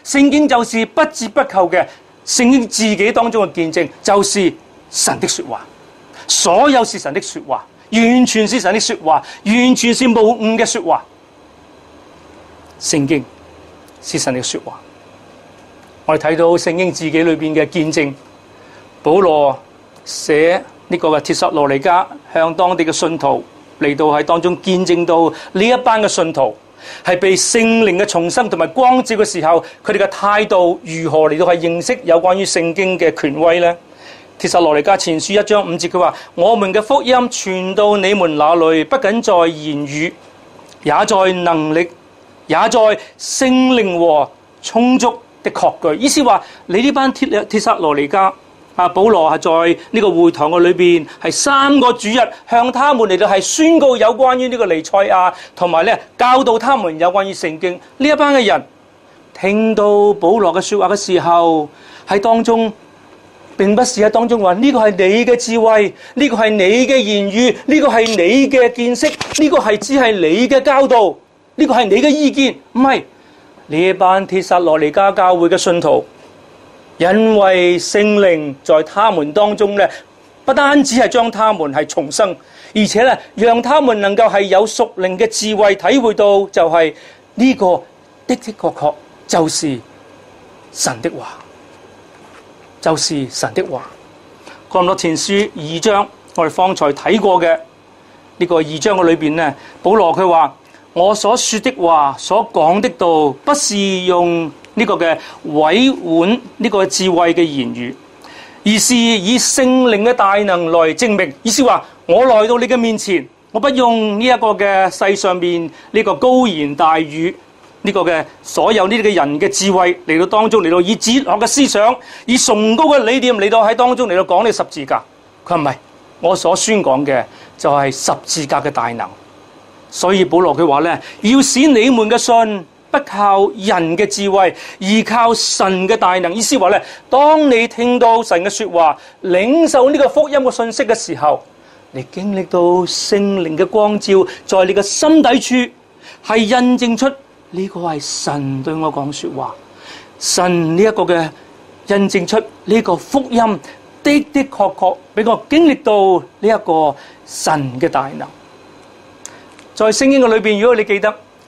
聖經就是不折不扣嘅聖經自己當中嘅見證，就是神的說話，所有是神的說話，完全是神的說話，完全是冇誤嘅說話。聖經是神的說話，我哋睇到聖經自己裏邊嘅見證。保羅寫呢、這個嘅帖撒羅尼迦向當地嘅信徒嚟到喺當中見證到呢一班嘅信徒係被聖靈嘅重生同埋光照嘅時候，佢哋嘅態度如何嚟到係認識有關於聖經嘅權威咧？帖撒羅尼迦前書一章五節，佢話：我們嘅福音傳到你們那裡，不僅在言語，也在能力，也在聖靈和充足的確據。意思話你呢班帖帖撒羅尼迦。啊！保羅係在呢個會堂嘅裏邊，係三個主日向他們嚟到係宣告有關於呢個彌賽亞，同埋咧教導他們有關於聖經。呢一班嘅人聽到保羅嘅說話嘅時候，喺當中並不是喺當中話呢個係你嘅智慧，呢個係你嘅言語，呢個係你嘅見識，呢個係只係你嘅教導，呢個係你嘅意見。唔係呢班帖撒羅尼加教會嘅信徒。因為聖靈在他們當中呢，不單只係將他們係重生，而且呢，讓他們能夠係有屬靈嘅智慧，體會到就係、是、呢、這個的的確確就是神的話，就是神的話。《哥林多前書》二章，我哋方才睇過嘅呢、這個二章嘅裏邊咧，保羅佢話：我所說的話，所講的，的道，不是用。呢個嘅委婉呢、這個智慧嘅言語，而是以聖靈嘅大能來證明。意思話我來到你嘅面前，我不用呢一個嘅世上面，呢、這個高言大語，呢、這個嘅所有呢啲嘅人嘅智慧嚟到當中嚟到以哲學嘅思想，以崇高嘅理念嚟到喺當中嚟到講呢十字架。佢唔係我所宣講嘅，就係十字架嘅大能。所以保羅佢話咧，要使你們嘅信。不靠人嘅智慧，而靠神嘅大能。意思話咧，當你聽到神嘅說話，領受呢個福音嘅信息嘅時候，你經歷到聖靈嘅光照，在你嘅心底處係印證出呢個係神對我講說話，神呢一個嘅印證出呢個福音的的確確俾我經歷到呢一個神嘅大能。在聖經嘅裏邊，如果你記得。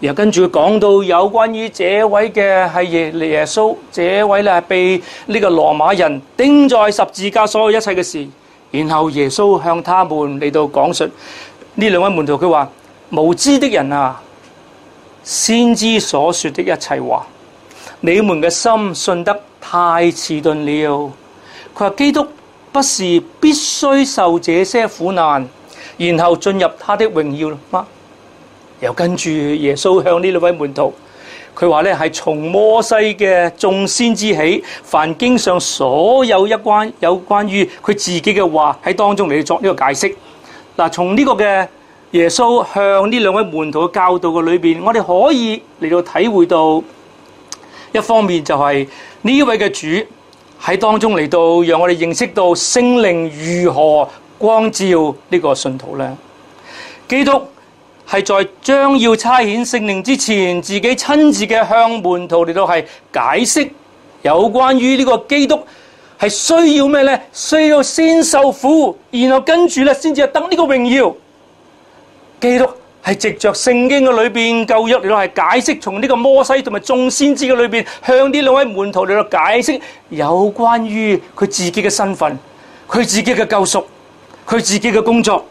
然後跟住佢講到有關於這位嘅係耶耶穌，這位咧被呢個羅馬人釘在十字架所有一切嘅事。然後耶穌向他們嚟到講述呢兩位門徒，佢話：無知的人啊，先知所說的一切話，你們嘅心信得太遲鈍了。佢話：基督不是必須受這些苦難，然後進入他的榮耀嗎？又跟住耶穌向呢兩位門徒，佢話咧係從摩西嘅眾先知起，凡經上所有一關有關於佢自己嘅話喺當中嚟作呢個解釋。嗱，從呢個嘅耶穌向呢兩位門徒嘅教導嘅裏邊，我哋可以嚟到體會到，一方面就係呢位嘅主喺當中嚟到讓我哋認識到聖靈如何光照呢個信徒咧，基督，係在將要差遣聖靈之前，自己親自嘅向門徒嚟到係解釋有關於呢個基督係需要咩呢？需要先受苦，然後跟住咧先至得呢個榮耀。基督係藉著聖經嘅裏邊救約嚟到係解釋，從呢個摩西同埋眾先知嘅裏邊，向呢兩位門徒嚟到解釋有關於佢自己嘅身份、佢自己嘅救贖、佢自己嘅工作。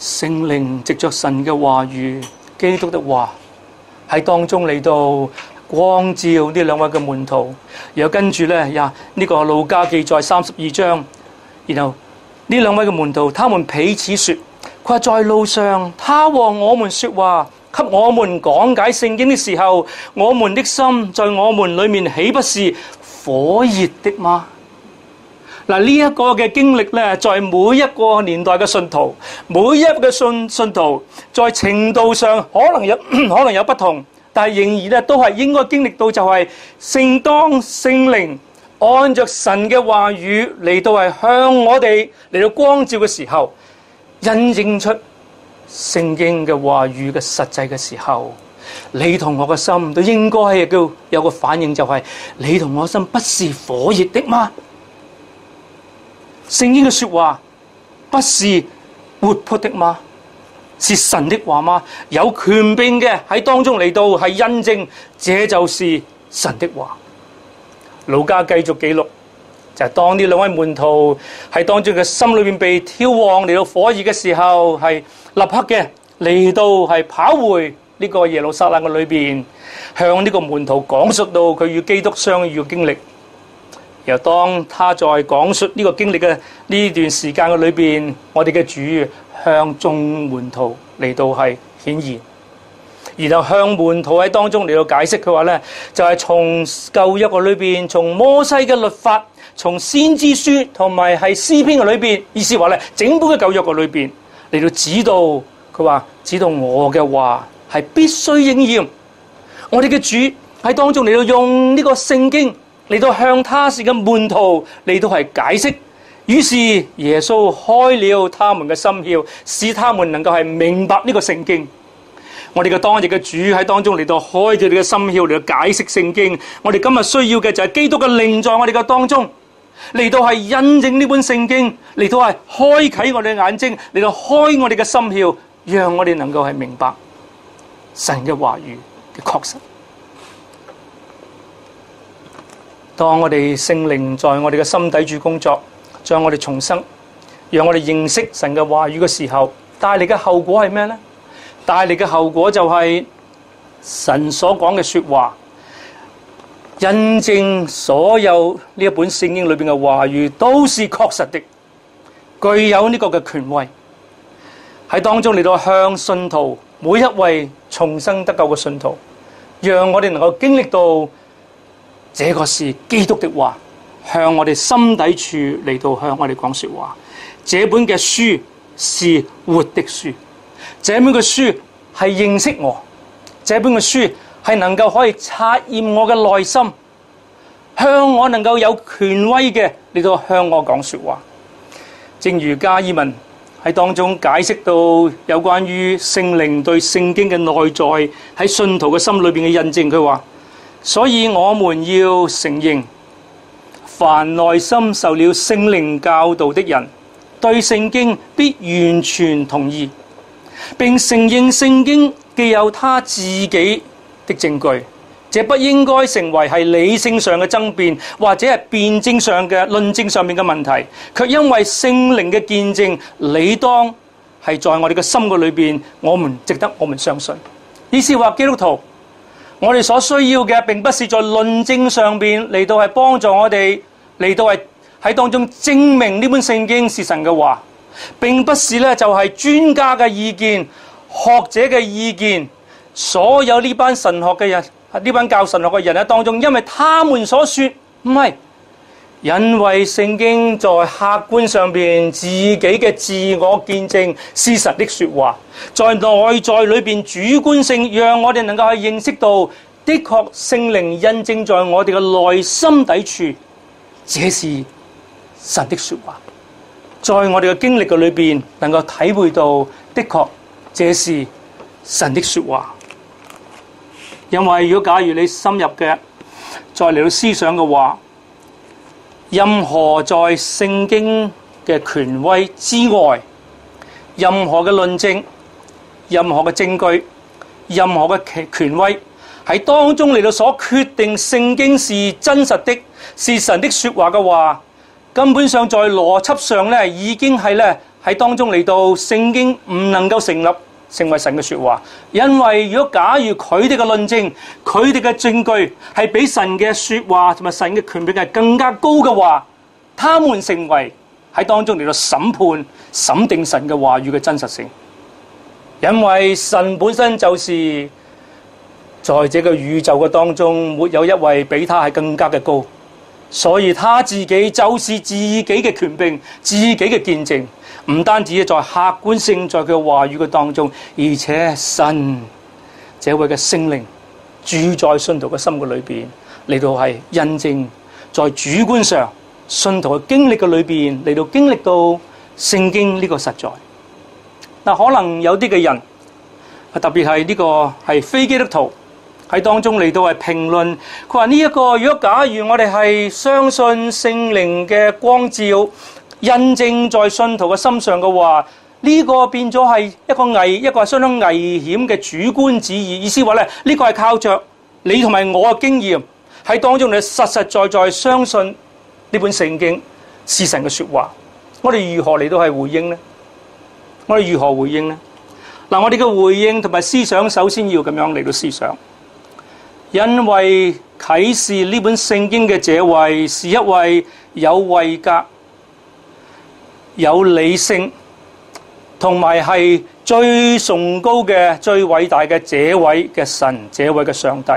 聖靈藉着神嘅話語、基督的話喺當中嚟到光照呢兩位嘅門徒，然後跟住呢，又、這、呢個路加記載三十二章，然後呢兩位嘅門徒，他們彼此說：佢話在路上，他和我們說話，給我們講解聖經嘅時候，我們的心在我們裏面，豈不是火熱的嗎？嗱，呢一個嘅經歷咧，在每一個年代嘅信徒，每一個信信徒，在程度上可能有 可能有不同，但係仍然咧都係應該經歷到，就係正當聖靈按著神嘅話語嚟到係向我哋嚟到光照嘅時候，印證出聖經嘅話語嘅實際嘅時候，你同我嘅心都應該有個反應、就是，就係你同我的心不是火熱的嗎？聖經嘅說話不是活潑的嗎？是神的話嗎？有權柄嘅喺當中嚟到，係印證，這就是神的話。老家繼續記錄，就係、是、當呢兩位門徒喺當中嘅心裏面被挑旺嚟到火熱嘅時候，係立刻嘅嚟到係跑回呢個耶路撒冷嘅裏面，向呢個門徒講述到佢與基督相遇嘅經歷。由當他在講述呢個經歷嘅呢段時間嘅裏邊，我哋嘅主向眾門徒嚟到係顯現，然後向門徒喺當中嚟到解釋佢話呢就係、是、從舊約嘅裏邊，從摩西嘅律法，從先知書同埋係詩篇嘅裏邊，意思話呢整本嘅舊約嘅裏邊嚟到指導佢話，指導我嘅話係必須應驗。我哋嘅主喺當中嚟到用呢個聖經。嚟到向他是嘅門徒，嚟到係解釋。於是耶穌開了他們嘅心竅，使他們能夠係明白呢個聖經。我哋嘅當日嘅主喺當中嚟到開咗你嘅心竅嚟到解釋聖經。我哋今日需要嘅就係基督嘅靈在我哋嘅當中嚟到係印證呢本聖經，嚟到係開啟我哋嘅眼睛，嚟到開我哋嘅心竅，讓我哋能夠係明白神嘅話語嘅確實。當我哋聖靈在我哋嘅心底住工作，將我哋重生，讓我哋認識神嘅話語嘅時候，帶嚟嘅後果係咩呢？帶嚟嘅後果就係神所講嘅說話，印證所有呢一本聖經裏面嘅話語都是確實的，具有呢個嘅權威。喺當中嚟到向信徒每一位重生得救嘅信徒，讓我哋能夠經歷到。這個是基督的話，向我哋心底處嚟到向我哋講說話。這本嘅書是活的書，這本嘅書係認識我，這本嘅書係能夠可以察驗我嘅內心，向我能夠有權威嘅，嚟到向我講說話。正如加爾文喺當中解釋到有關於聖靈對聖經嘅內在喺信徒嘅心裏面嘅印證，佢話。所以我們要承認，凡內心受了聖靈教導的人，對聖經必完全同意，並承認聖經既有他自己的證據，這不應該成為係理性上嘅爭辯，或者係辯證上嘅論證上面嘅問題。卻因為聖靈嘅見證，理當係在我哋嘅心嘅裏面，我們值得我們相信。意思話基督徒。我哋所需要嘅，並不是在論證上邊嚟到係幫助我哋嚟到係喺當中證明呢本聖經是神嘅話，並不是咧，就係專家嘅意見、學者嘅意見，所有呢班神學嘅人、呢班教神學嘅人喺當中，因為他們所說唔係。不是因為聖經在客觀上邊自己嘅自我見證是神的說話，在內在裏邊主觀性讓我哋能夠去認識到的確聖靈印證在我哋嘅內心底處，這是神的說話。在我哋嘅經歷嘅裏邊，能夠體會到的確，這是神的說話。因為如果假如你深入嘅，再嚟到思想嘅話。任何在聖經嘅權威之外，任何嘅論證、任何嘅證據、任何嘅權威，喺當中嚟到所決定聖經是真實的，是神的説話嘅話，根本上在邏輯上咧已經係咧喺當中嚟到聖經唔能夠成立。成為神嘅説話，因為如果假如佢哋嘅論證、佢哋嘅證據係比神嘅説話同埋神嘅權柄係更加高嘅話，他們成為喺當中嚟到審判、審定神嘅話語嘅真實性。因為神本身就是在這個宇宙嘅當中，沒有一位比他係更加嘅高，所以他自己就是自己嘅權柄、自己嘅見證。唔單止喺在客觀性，在佢話語嘅當中，而且神這位嘅聖靈住在信徒嘅心嘅裏邊，嚟到係印證，在主觀上信徒嘅經歷嘅裏邊嚟到經歷到聖經呢個實在。嗱、嗯，可能有啲嘅人，特別係呢個係非基督徒喺當中嚟到係評論，佢話呢一個，如果假如我哋係相信聖靈嘅光照。印證在信徒嘅心上嘅話，呢、這個變咗係一個危一個相當危險嘅主觀主義。意思話咧，呢、這個係靠着你同埋我嘅經驗喺當中，你實實在在相信呢本聖經是神嘅説話。我哋如何嚟到係回應呢？我哋如何回應呢？嗱，我哋嘅回應同埋思想，首先要咁樣嚟到思想，因為啟示呢本聖經嘅這位是一位有位格。有理性，同埋係最崇高嘅、最偉大嘅，這位嘅神，這位嘅上帝。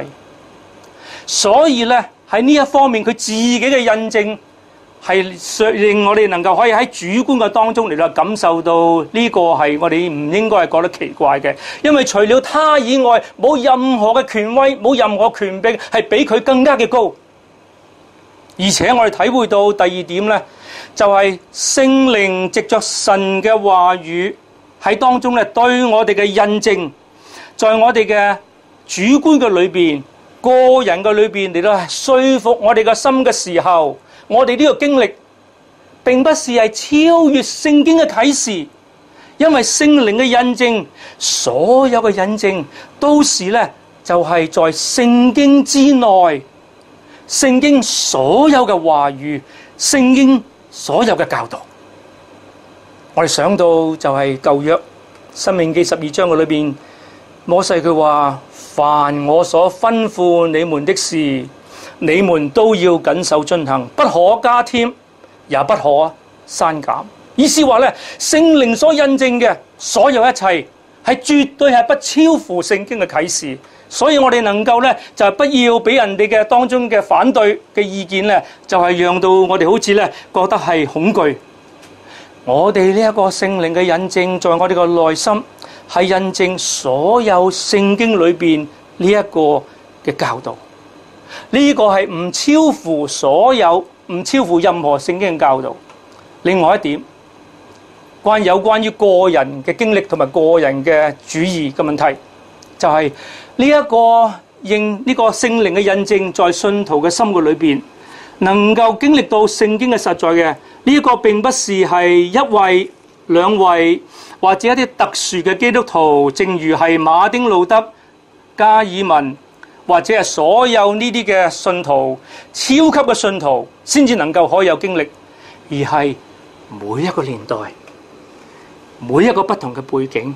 所以咧，喺呢一方面，佢自己嘅印證係令我哋能夠可以喺主觀嘅當中嚟到感受到呢個係我哋唔應該係覺得奇怪嘅，因為除了他以外，冇任何嘅權威，冇任何權柄係比佢更加嘅高。而且我哋體會到第二點咧。就係聖靈藉着神嘅話語喺當中咧，對我哋嘅印證，在我哋嘅主觀嘅裏邊、個人嘅裏邊嚟到説服我哋嘅心嘅時候，我哋呢個經歷並不是係超越聖經嘅啟示，因為聖靈嘅印證，所有嘅印證都是呢——就係在聖經之內，聖經所有嘅話語，聖經。所有嘅教導，我哋想到就係舊約申命記十二章嘅裏邊，摩西佢話：凡我所吩咐你們的事，你們都要謹守遵行，不可加添，也不可刪減。意思話咧，聖靈所印證嘅所有一切，係絕對係不超乎聖經嘅啟示。所以我哋能夠咧，就係不要俾人哋嘅當中嘅反對嘅意見咧，就係讓到我哋好似咧覺得係恐懼。我哋呢一個聖靈嘅印證，在我哋個內心係印證所有聖經裏面呢一個嘅教導。呢個係唔超乎所有，唔超乎任何聖經教導。另外一點，關有關於個人嘅經歷同埋個人嘅主義嘅問題。就係呢一個認呢個聖靈嘅印證，在信徒嘅心嘅裏邊，能夠經歷到聖經嘅實在嘅呢個，並不是係一位、兩位或者一啲特殊嘅基督徒，正如係馬丁路德、加爾文或者係所有呢啲嘅信徒，超級嘅信徒先至能夠可以有經歷，而係每一個年代、每一個不同嘅背景。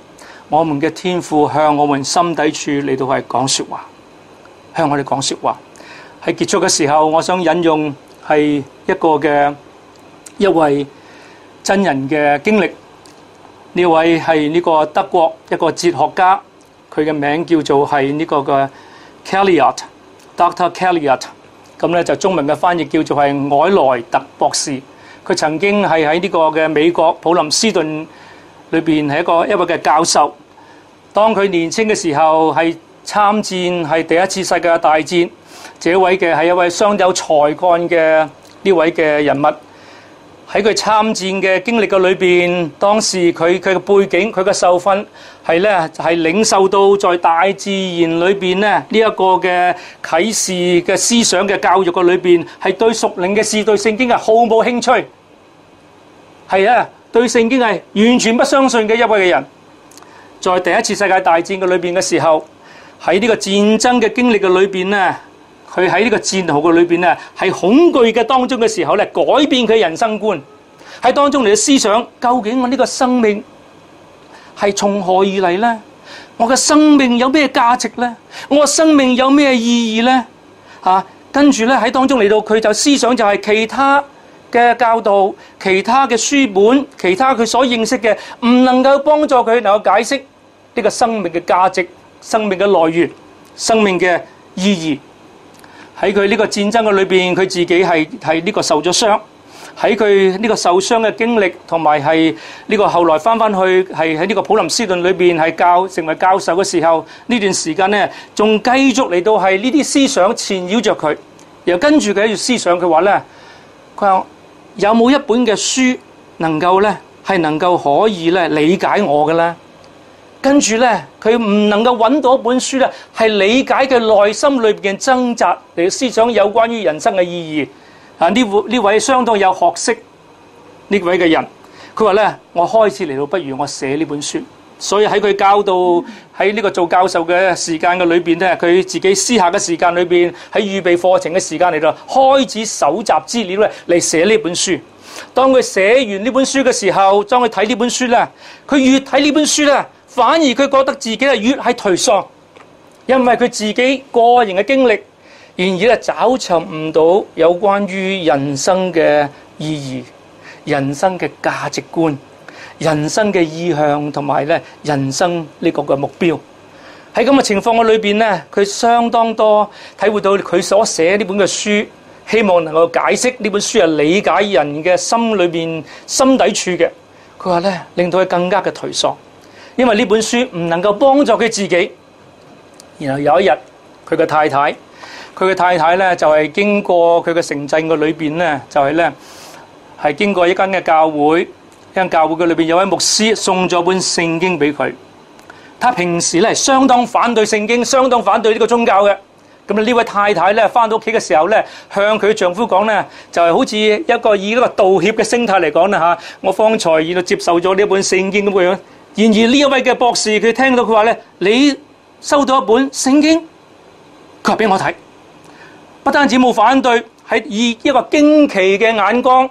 我們嘅天父向我們心底處嚟到係講説話，向我哋講説話。喺結束嘅時候，我想引用係一個嘅一位真人嘅經歷。呢位係呢個德國一個哲學家，佢嘅名叫做係呢個嘅 Kellerat Doctor Kellerat。咁咧就中文嘅翻譯叫做係凱萊特博士。佢曾經係喺呢個嘅美國普林斯頓裏邊係一個一位嘅教授。當佢年輕嘅時候，係參戰係第一次世界大戰，這位嘅係一位相當有才幹嘅呢位嘅人物。喺佢參戰嘅經歷嘅裏邊，當時佢嘅背景、佢嘅受訓係咧領受到在大自然裏面咧呢一個嘅啟示嘅思想嘅教育嘅裏邊，係對屬靈嘅事對聖經係毫無興趣，係啊對聖經係完全不相信嘅一位嘅人。在第一次世界大戰嘅裏邊嘅時候，喺呢個戰爭嘅經歷嘅裏邊咧，佢喺呢個戰壕嘅裏邊咧，係恐懼嘅當中嘅時候咧，改變佢人生觀喺當中嚟嘅思想。究竟我呢個生命係從何而嚟咧？我嘅生命有咩價值咧？我嘅生命有咩意義咧？吓、啊，跟住咧喺當中嚟到，佢就思想就係其他嘅教導、其他嘅書本、其他佢所認識嘅，唔能夠幫助佢能夠解釋。呢個生命嘅價值、生命嘅來源、生命嘅意義，喺佢呢個戰爭嘅裏邊，佢自己係係呢個受咗傷，喺佢呢個受傷嘅經歷，同埋係呢個後來翻翻去係喺呢個普林斯頓裏邊係教成為教授嘅時候，呢段時間咧，仲繼續嚟到係呢啲思想纏繞着佢，然後跟住佢一啲思想嘅話咧，佢話有冇一本嘅書能夠咧係能夠可以咧理解我嘅咧？跟住呢，佢唔能夠揾到一本書呢，係理解佢內心裏邊嘅掙扎，嚟思想有關於人生嘅意義啊。呢位呢位相當有學識，位呢位嘅人佢話呢：「我開始嚟到，不如我寫呢本書。」所以喺佢教到喺呢個做教授嘅時間嘅裏邊呢，佢自己私下嘅時間裏邊喺預備課程嘅時間嚟到開始搜集資料咧嚟寫呢本書。當佢寫完呢本書嘅時候，當佢睇呢本書呢，佢越睇呢本書呢。反而佢覺得自己係越係頹喪，因為佢自己個人嘅經歷，然而找尋唔到有關於人生嘅意義、人生嘅價值觀、人生嘅意向同埋人生呢個目標，喺咁嘅情況嘅裏邊咧，佢相當多體會到佢所寫呢本嘅書，希望能夠解釋呢本書係理解人嘅心裏面、心底處嘅。佢話咧令到佢更加嘅頹喪。因為呢本書唔能夠幫助佢自己，然後有一日佢嘅太太，佢嘅太太咧就係經過佢嘅城鎮嘅裏邊咧，就係咧係經過一間嘅教會，一間教會嘅裏邊有位牧師送咗本聖經俾佢。他平時咧係相當反對聖經，相當反對呢個宗教嘅。咁啊，呢位太太咧返到屋企嘅時候咧，向佢丈夫講咧，就係好似一個以一個道歉嘅聲態嚟講啦嚇。我方才已經接受咗呢一本聖經咁樣。然而呢一位嘅博士，佢聽到佢話：「咧，你收到一本聖經，佢話俾我睇，不單止冇反對，喺以一個驚奇嘅眼光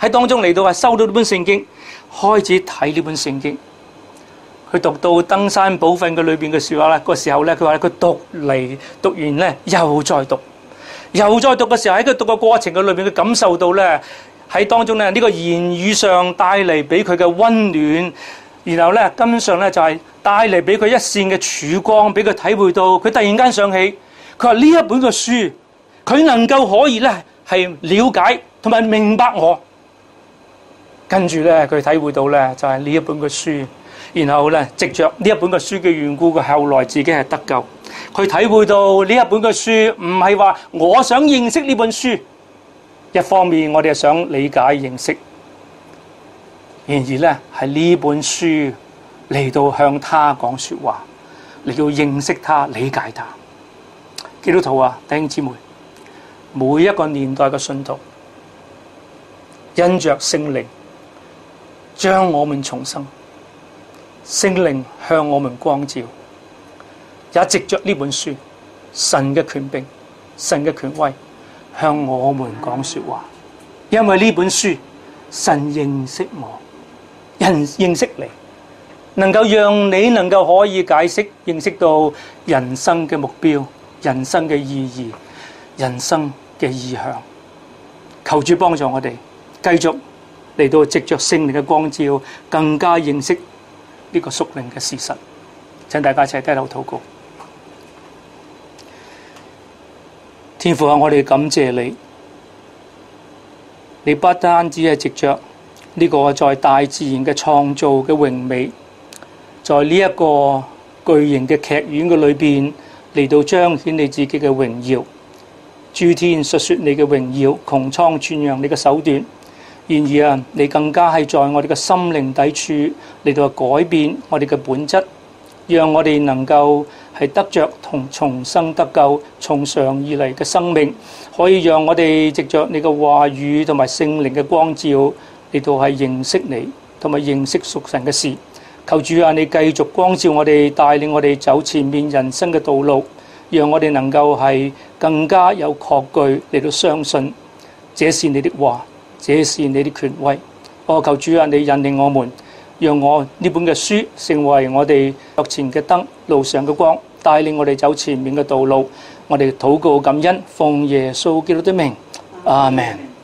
喺當中嚟到話收到呢本聖經，開始睇呢本聖經，佢讀到登山寶訓嘅裏邊嘅説話咧。嗰時候咧，佢話佢讀嚟讀完咧，又再讀，又再讀嘅時候喺佢讀嘅過程嘅裏邊，佢感受到咧喺當中咧呢個言語上帶嚟俾佢嘅溫暖。然後呢，根本上呢，就係帶嚟俾佢一線嘅曙光，俾佢體會到佢突然間想起，佢話呢一本嘅書，佢能夠可以呢係了解同埋明白我。跟住呢，佢體會到呢就係呢一本嘅書。然後呢，藉着呢一本嘅書嘅緣故，佢後來自己係得救。佢體會到呢一本嘅書唔係話我想認識呢本書。一方面，我哋係想理解認識。然而呢，係呢本書嚟到向他講說話，嚟到認識他、理解他。基督徒啊，弟兄姊妹，每一個年代嘅信徒，因着聖靈將我們重生，聖靈向我們光照，也藉着呢本書，神嘅權柄、神嘅權威向我們講說話，因為呢本書，神認識我。認識你，能夠讓你能夠可以解釋認識到人生嘅目標、人生嘅意義、人生嘅意向。求主幫助我哋，繼續嚟到藉着聖靈嘅光照，更加認識呢個屬靈嘅事實。請大家一齊低頭禱告。天父啊，我哋感謝你，你不單只係藉着呢個在大自然嘅創造嘅榮美，在呢一個巨型嘅劇院嘅裏邊嚟到彰顯你自己嘅榮耀，諸天述說你嘅榮耀，穹蒼傳揚你嘅手段。然而啊，你更加係在我哋嘅心靈底處嚟到改變我哋嘅本質，讓我哋能夠係得着同重生得救，從上而嚟嘅生命，可以讓我哋藉着你嘅話語同埋聖靈嘅光照。呢度係認識你，同埋認識屬神嘅事。求主啊，你繼續光照我哋，帶領我哋走前面人生嘅道路，讓我哋能夠係更加有確據嚟到相信，這是你的話，這是你嘅權威。我求主啊，你引領我們，讓我呢本嘅書成為我哋腳前嘅燈，路上嘅光，帶領我哋走前面嘅道路。我哋禱告感恩，奉耶穌基督的名，阿門。